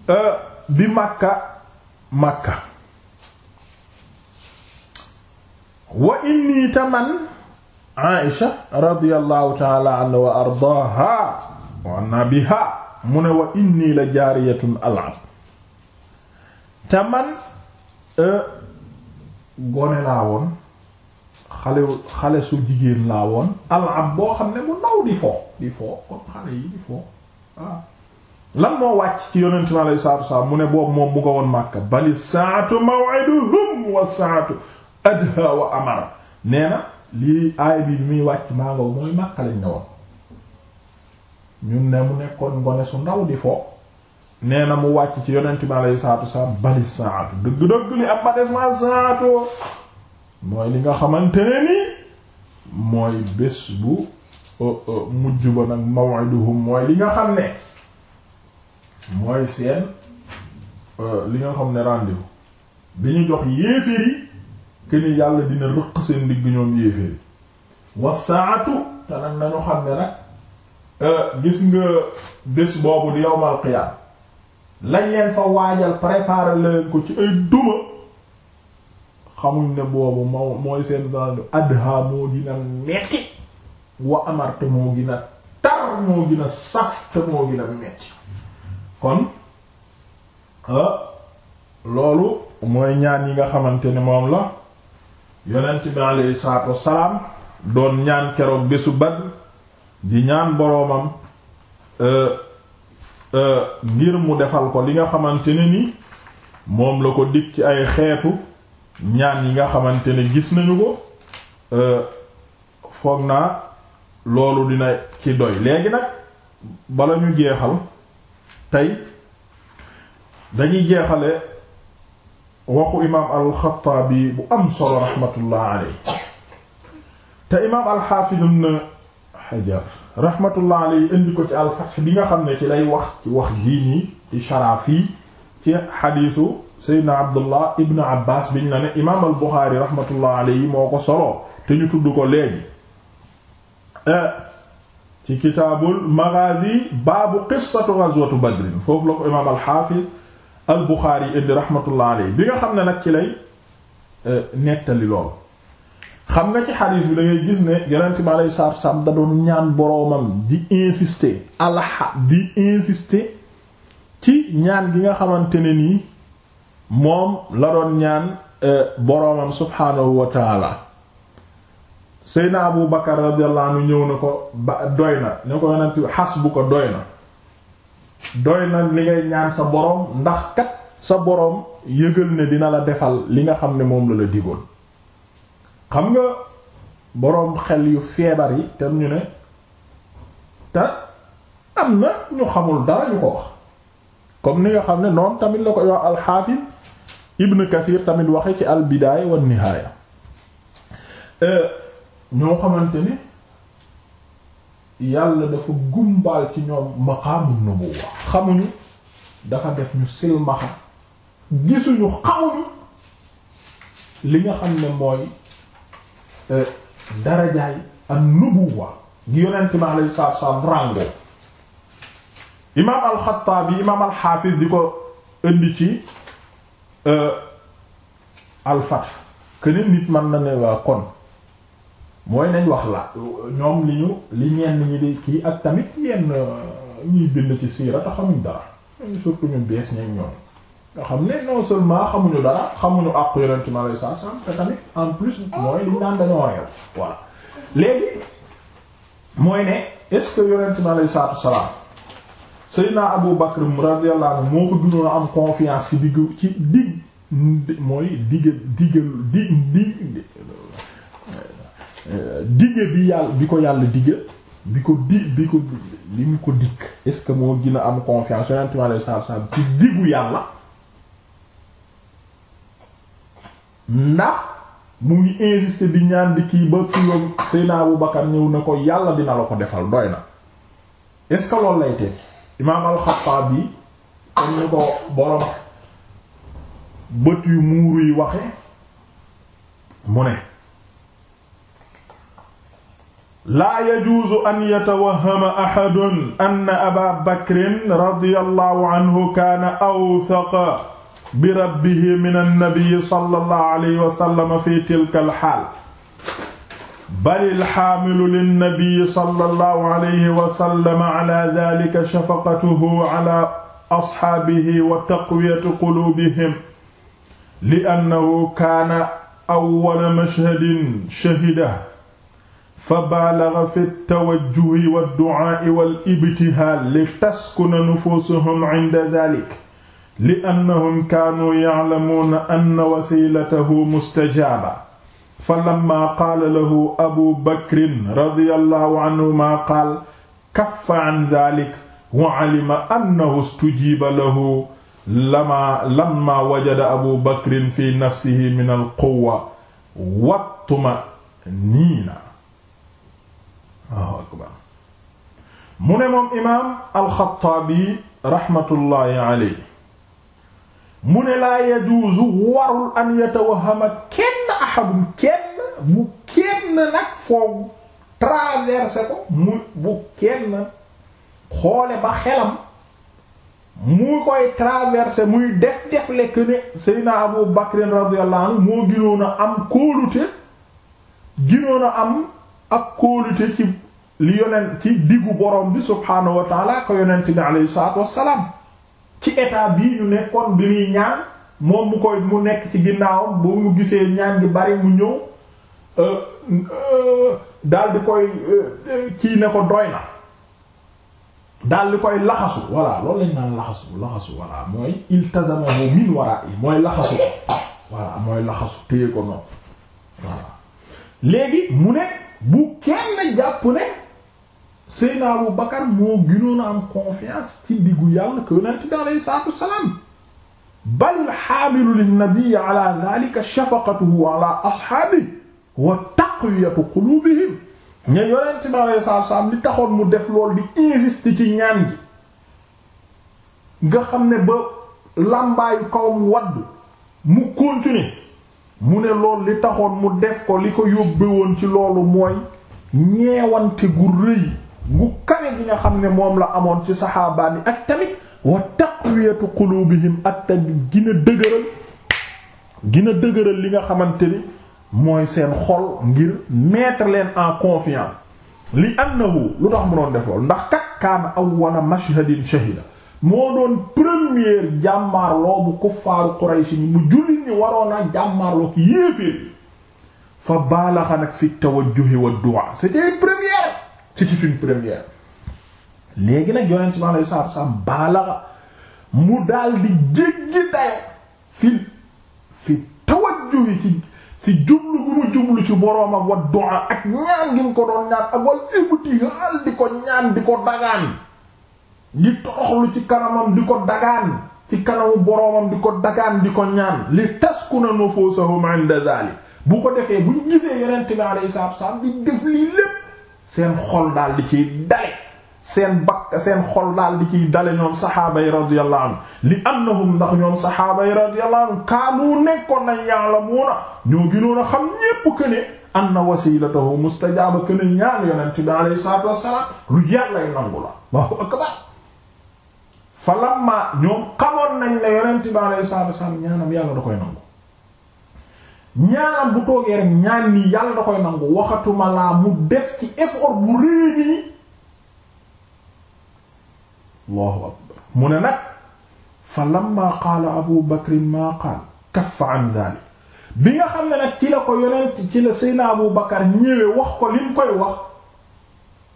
euh, bi makka makka wa inni taman aisha radiyallahu ta'ala anha wa ardaaha wa anna biha mu ne wa inni la jaariyatun al'ab taman euh, gone laa woon xale xale su jigéen laa woon alab boo xam ne mu ndaw di foo di foo comme xale yi di foo waaw lan moo wàcc ci yonent mi alayhi salaatu wasalaam mu ne boobu moom mu nga woon Makka bali saatu maw'iduhum wa saatu adha wa amara nee na lii aay bi muy wàcc maa mooy Makka lañ woon ñun ne mu nekkoon gone su ndaw di foo nee na mu wàcc ci yonent bi alayhi salaatu wasalaam bali saatu dëgg-dëgg li am ma des ma saatu mooy li nga xamante ne ni mooy bés bu uh, uh, mujj ba nag maw'iduhum mooy li nga xam ne mooy seen uh, li nga xam ne rendez bi ñu jox yéeféer yi que yàlla dina rëq seen digg ñoom yéeféer yi wax saatu te nag nañu xam ne nag gis nga bés boobu di yawmal qiyaam lañ leen fa waajal préparer leen ko ci ay duma xamuñ ne boobu moo mooy seen daal adha moo dina metti wa amar te moo gën tar moo gën saf te moo gën metti kon loolu mooy ñaan yi nga xamante ni moom la yonent bi alayhi salaatu wassalaam doon ñaan keroog bésu Badr di ñaan boroomam euh, ngir mu defal ko li nga xamante ne ni moom la ko dig ci ay xeetu ñaan yi nga xamante ne gis nañu ko e, foog naa loolu dina ci doy léegi nag bala ñu jeexal tey dañuy jeexale waxu imaam alxataabi bu am solo raxmatullah aley te imaam alxaafid ibn xajar rahmatullah alayhi indi ko ci alfath bi nga xam ne ci lay wax ci wax jii nii ci sharaaf yi ci xadiisu Seydina Abdullah Ibn Abbas biñ la ne imaam al Buxaari rahmatullah alayhi moo ko soloo te ñu tudd ko léegi eh, ci kitaabul maghazi baabu qissatu ghazwatu badrin foofu la ko imaam al xaafiz al Buxaari indi rahmatullah alayhi bi nga xam ne nag ci lay eh, nettali lool. xam nga ci xadiis bi da gis ne yonent bi aleyhi salaatu wasalaam da doon ñaan boroomam di insister alxa di insister ci ñaan gi nga xamante ne nii moom la doon ñaan euh, boroomam subhaanahu wa taala seyna abu bakar radiyallahu anhu ñëw na ko ba doy na ne ko yonent xas bu ko doy na doy na li ngay ñaan sa boroom ndax kat sa boroom yëgal ne dina la defal li nga xam ne moom la la digoon xam nga boroom xel yu feebar yi te ñu ne te am na ñu xamul dara ñu ko wax comme ni nga xam ne noon tamit la ko wax alxaafis ibn Kathir tamit waxe ci al bidaaya wan nihaaya euh, ñoo xamante ni yàlla dafa gumbaal ci ñoom maqaamu nubuwa xamuñu dafa def ñu silmaxa gisuñu xamuñu li nga xam ne mooy Euh, darajaay ak nubuwa gi yonent bi alayhi salaatu salaam rango imaam alxataabi imaam alxaafis di ko indi ci euh, alfat keneen nit man na ne waa kon mooy nañ wax la ñoom li ñu li ñenn ñi di kii ak tamit yenn euh, ñuy bind ci siira te xamuñ dara surtout ñu bees ñeeg ñoom nga xam ne non seulement xamuñu dara xamuñu àqu yonent mi alayhi salaatu salaam te tamit en plus mooy liñ daan dañoo reew voilà léegi mooy ne est que yonent mi alayhi salaatu salaam Abu Bakr radiyallahu anhu moo ko gënoon am confiance ci digg ci digg mooy digg diggal di di bi yàlla bi ko yàlla digg bi ko di bi ko bi mu ko dikk est-ce que moo gën a am confiance yonent mi salaam ci diggu yàlla ndax mu ngi insister di ñaan di kii ba kiiwam Seydina Abu Bakar ñëw ko yàlla dina la ko defal doy na est-ce que loolu lay teg imaam al ko borom bët yu muuru waxe mu ne laa yajuuzu an yatawahama ahadun anna Aba Bakrin radiyallahu anhu kaana awthaqa bi rabbihi min annabiyi sallallahu alayhi wa sallam fi tilka alxaal bal ilxaamilu linnabiyi sallallahu alayhi wa sallam ala dalika shafaqatuhu ala asxaabihi wa taqwiyatu quluubihim li annahu kaana awwala mashhadin shahidahu fabaalaga fi tawajjuhi wa ducaa'i wal ibtihaal li taskuna nufuusuhum cinda daalika li annahum kaanuu yaclamuuna anna wasiilatahu mustajaaba fa lamma qaala lahu abu bakrin radiyallahu anhumaa qaal kaffa can daalik wa calima annahu stujiiba lahu lama lamma wajada abu bakrin fi nafsihi min alquwa wattumaniina mu ne moom imaam alxattaabi raxmatullaahi aleyhi mu ne laa yajuuzu warul an yatawahama kenn ahadum kenn bu kenn nag foog traversé ko bu kenn xoole ba xelam mu koy traversé muy def def lekk ne Seydina Abu Bakr radiyallahu anhu moo ginoon a am kóolute ginoon a am ak kóolute ci li yonent ci diggu borom bi subhaanahu wa ko yonent bi alayhi salaatu wassalaam ci état bii ñu nekkoon bi muy ñaan moom mu koy mu nekk ci ginnaaw boo mu gisee ñaan gi bari mu ñëw euh, euh, daldi di koy euh, kii ne ko doy na daal di koy laxasu voilà loolu lañ naan laxasu laxasu voilà mooy iltazamahu min wara'i mooy laxasu voilà mooy laxasu téye ko noonu voilà léegi mu ne bu kenn jàpp ne Seydina Abu Bakar moo gënoon am confiance ci diggu yàlla que yonent bi alayhi salaatu wassalaam bal xaamilu linnabii ala dalika shafaqatuhu ala li taxoon mu def lool di insister ci ñaan gi nga xam ne ba làmbaayu kawam wadd mu continuer mu ne lool li taxoon mu def ko li ko yóbbe woon ci loolu mooy ñeewante gu rëy gu kawe bi nga xam ne moom la amoon ci saxaabaan yi ak tamit wa taqwiyatu qulubihim ak tamit gina dëgëral gina dëgëral li nga xamante ni mooy seen xol ngir mettre leen en confiance li annahu lu tax mu doon def ndax kat kaana awwala mashhadin shahida moo doon première jàmmaarloo bu kuffaaru Quraysh ni bu jullit ñi waroon jàmmaarloo ki yéeféer fa baalaxa nag fi tawajjuhi wa du'a c'était première c'est une première léegi nag yonent bi alayhi salaatu salaam baalaxa mu daal di jéggi dayo fi fi tawajjuhi ci ci jublu bu mu jublu ci boroomam wa du'a ak ñaan gi ko doon ñaan ak wal ibtihaal al di ko ñaan di ko dagaan di toroxlu ci kanamam di ko dagaan ci kanamu boroomam di ko dagaan di ko ñaan li taskuna nufusuhum 'inda zalik bu ko defee buñ gisee yonent bi alayhi salaatu salaam di def lii lépp seen xol daal di ci dale seen bakk seen xol daal li ciy dale ñoom saxaaba yi radiyallahu anhu li annahum ndax ñoom saxaaba yi radiyallahu anhu kaanu nekkoon nañ ya'lamuuna ñoo gënoon a xam ñépp que ne anna wasilatahu mustajaaba que ne ñaan yonent bi alayhi salaatu wassalaam lu yàllay nangu la waaw akbar fa lamma ñoom xamoon nañ ne yonent bi alayhi nangu ñaanam bu toogee rek ñaan nii yàlla da koy nangu waxatuma laa mu def ci effort bu réy nii allahu akbar mu ne nag fa lamma qaala abu bakrin maa qaal kaffa an dalik bi nga xam ne nag ci la ko yonent ci la seyna abu bakar ñëwee wax ko liñ koy wax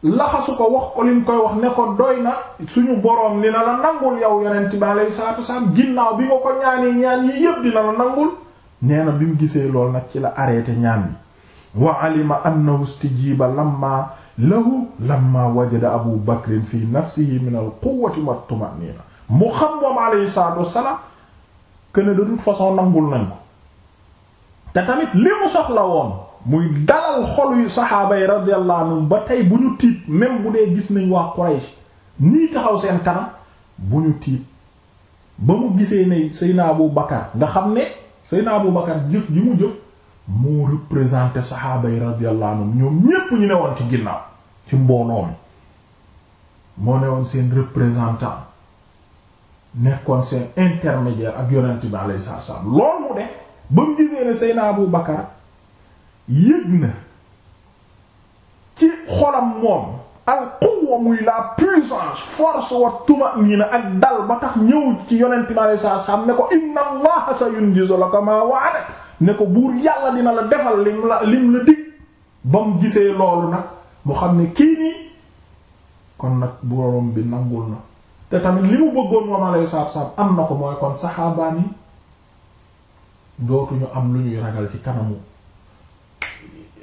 laxasu ko wax ko liñ koy wax ne ko doy na suñu boroom na la nangul yow yonent bi alayhi salaatu wasalaam ginnaaw bi nga ko ñaanee ñaan yi yépp dina la nangul nee na bi mu gisee lool nag ci la arrêté ñaan bi wa alima annahu istijiba lamma lahu lamma wajada abu bakrin fi nafsihi min al quwwati wa tumanina mu xam moom alayhi salatu wassalam que ne de toute façon nangul nañ ko te tamit li mu soxla woon muy dalal xol yu saxaaba yi radiyallahu anhum ba tey bu ñu tiit même bu dee gis nañ wax Quraysh nii taxaw seen kanam bu ñu tiit ba mu gisee ne Seydina Abu Bakar nga xam ne Seydina Abu Bakar jëf ji mu jëf moo représenté saxaaba yi radiyallahu anhum ñoom ñépp ñu ne woon ci ginnaaw ci mbooloom moo ne woon seen représentant nekkoon seen intermédiaire ak yonent bi alayhi salaatu salaam loolu mu def ba mu gisee ne Seydina Abu Bakar yëg na ci xolam moom quwwa muy la puissance force wa tuma'nina ak dal ba tax ñëw ci yonent bi alayhi salaam ne ko inna allaha la laka ma wa'adak ne ko buur yàlla dina la defal lim la lim la dig ba mu gisee loolu nag boo xam ne kii nii kon nag borom bi nangul na te tamit li mu bëggoon moom alayhi salaam am na ko mooy kon saxaabaani dootuñu am lu ñuy ragal ci kanamu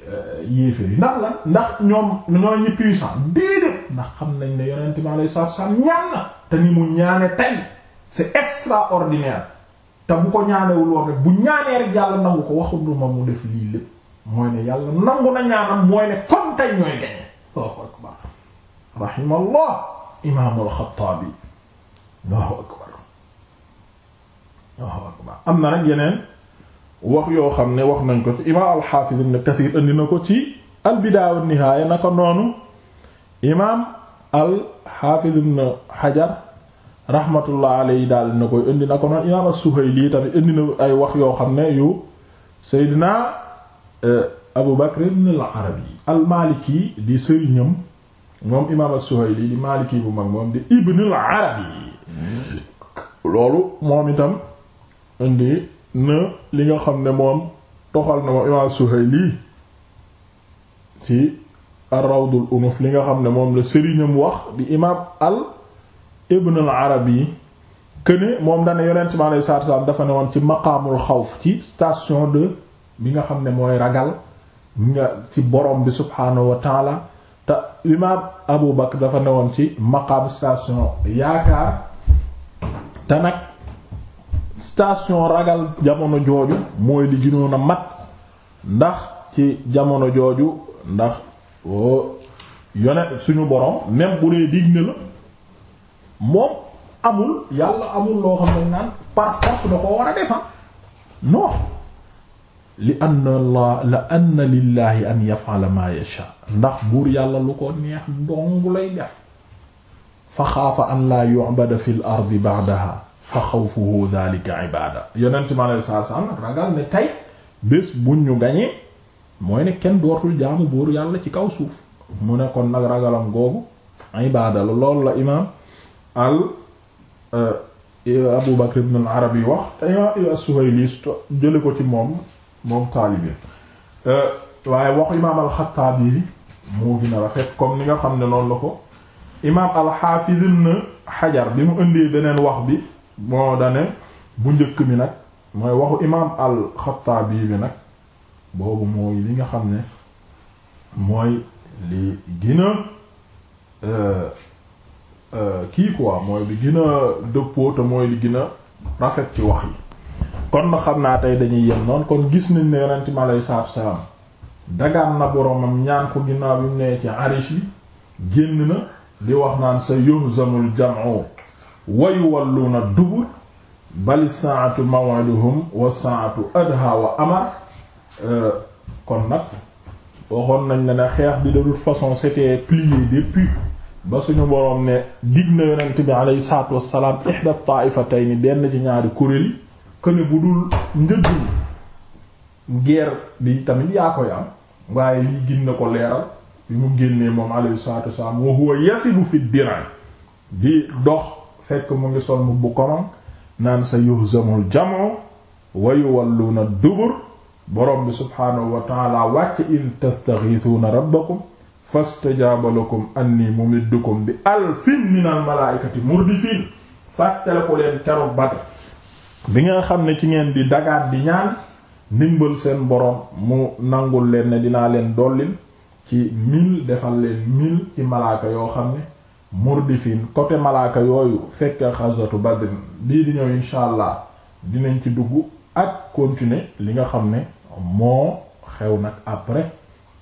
Euh, yéeféer yi ndax ñoom ñooy ñi puissant déedéet ndax xam nañ ne yonent bi alayhi salaatu ñaan na te ni mu ñaane tey c'est extraordinaire te bu ko ñaanewul woon rek bu ñaanee rek yàlla nangu ko waxul mu def lii lépp mooy ne yàlla nangu na ñaanam mooy ne kon tey ñooy gañee Allahu akbar rahimallah imaamul Xattaabi Allahu akbar Allahu akbar am na nag yeneen wax yoo xam ne wax nañ ko ci imaam al-Hafiz ibn Kathir indi na ko ci al-Bidaaya wan-Nihaaya naka noonu imaam al-Hafiz ibn Hajar rahmatullah alayhi daal na koy indi na ko noonu imaam as-Suhayli tamit indi na ay wax yoo xam ne yu Seydina eh, Abu Bakr ibn al-Arabi al-Maliki di sëriñam moom imaam as-Suhayli di Maliki bu mag moom di ibn al-Arabi hmm. loolu moom itam indi na li nga xam ne moom toxal na moom imaam Suhayli ci ar-Rawdul Unuf li nga xam ne moom la sëriñam wax di imaam al ibn al Arabi këne moom dana yonent mi alayhi salaatu salaam dafa ne woon ci maqaamul xawf ci station de bi nga xam ne mooy ragal nga ci borom bi subhaanahu wa taala te imaam Abu Bakr dafa ne woon ci maqaam station yaakaar te station ragal jamono jooju mooy li gënoon a mat ndax ci jamono jooju ndax o oh, yone suñu borom même bu dee digg na la moom amul yàlla amul loo xam ne naan par force da ko war a defa ah. non li anna la an yaf'ala ma yasha ndax buur yàlla lu ko neex dong lay def fa xaafa an la yu'bada fil ardi ba'daha fa xawfuhu dhalika ibada yonent mi alei saatu salaam ragal ne tey bés buñ ñu gañee mooy ne kenn dootul jaamu buur yàlla ci kaw suuf mu ne kon nag ragalam googu ibada la loolu la imaam al euh, Abu Bakr ibn al Arabi ko ci moom moom taalibe euh, waaye waxu imaam bi moo gën a rafet ni nga xam ne noonu la ko imaam al-Hafiz ibn bi mu indi beneen wax bi bon dane bu njëkk bi nag mooy waxu imaam al-Xattaabi bi nag boobu mooy li nga xam ne mooy li gën a euh, euh, kii mooy li gina a dëppoo te mooy li gën rafet ci wax yi kon na xam naa tey dañuy yem noonu kon gis nañ ne yonent mi alayhi salaatu salaam dagaan na boromam ñaan ko ginnaaw bi nee ci arish yi génn na di wax naan sa yuhzamul jam'u wa yuwalluuna dubur bali saatu maw'iduhum wa saatu adha wa amar euh, kon nag waxoon nañ ne ne xeex bi de toute façon c'était plié depuis ba suñu boroom ne dig na yonent bi alayhi salaatu wassalaam ihda taa'ifatayn benn ci ñaari kuréel yi bu dul njëggul guerre bi tamit yaa koy am waaye lii gin na ko leeral bi mu génnee moom alayhi salaatu wassalaam wa huwa fi diran di dox fekk mu ngi sol mu bu komam naan sa yuhzamul jamu wa na dubur borom bi subhaanahu wa taala wàcc il tastaghithuna rabbakum fastajaaba lakum anni mumiddukum bi alfin minal malaa'ikati murdifin fàttale ko leen keroog Badr bi nga xam ne ci ngeen di dagaat di ñaan ndimbal seen borom mu nangul leen dinaa leen dollil ci mil defal leen mil ci malaaka yoo xam ne murdifin côté malaaka yooyu fekk xasatu Badr bii di ñëw insha dinañ ci dugg ak continuer li nga xam ne moo xew nag après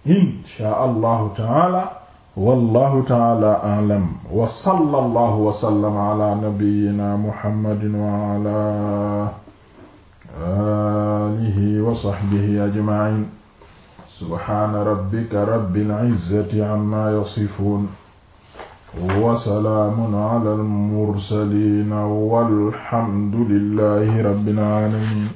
insha allahu taala wallahu taala a'lam wa sallallahu wa sallama ala nabiyyina muhammadin wa ala alihi wa wasalaamun ala almursaliina walhamdulillahi rabbil aalamiin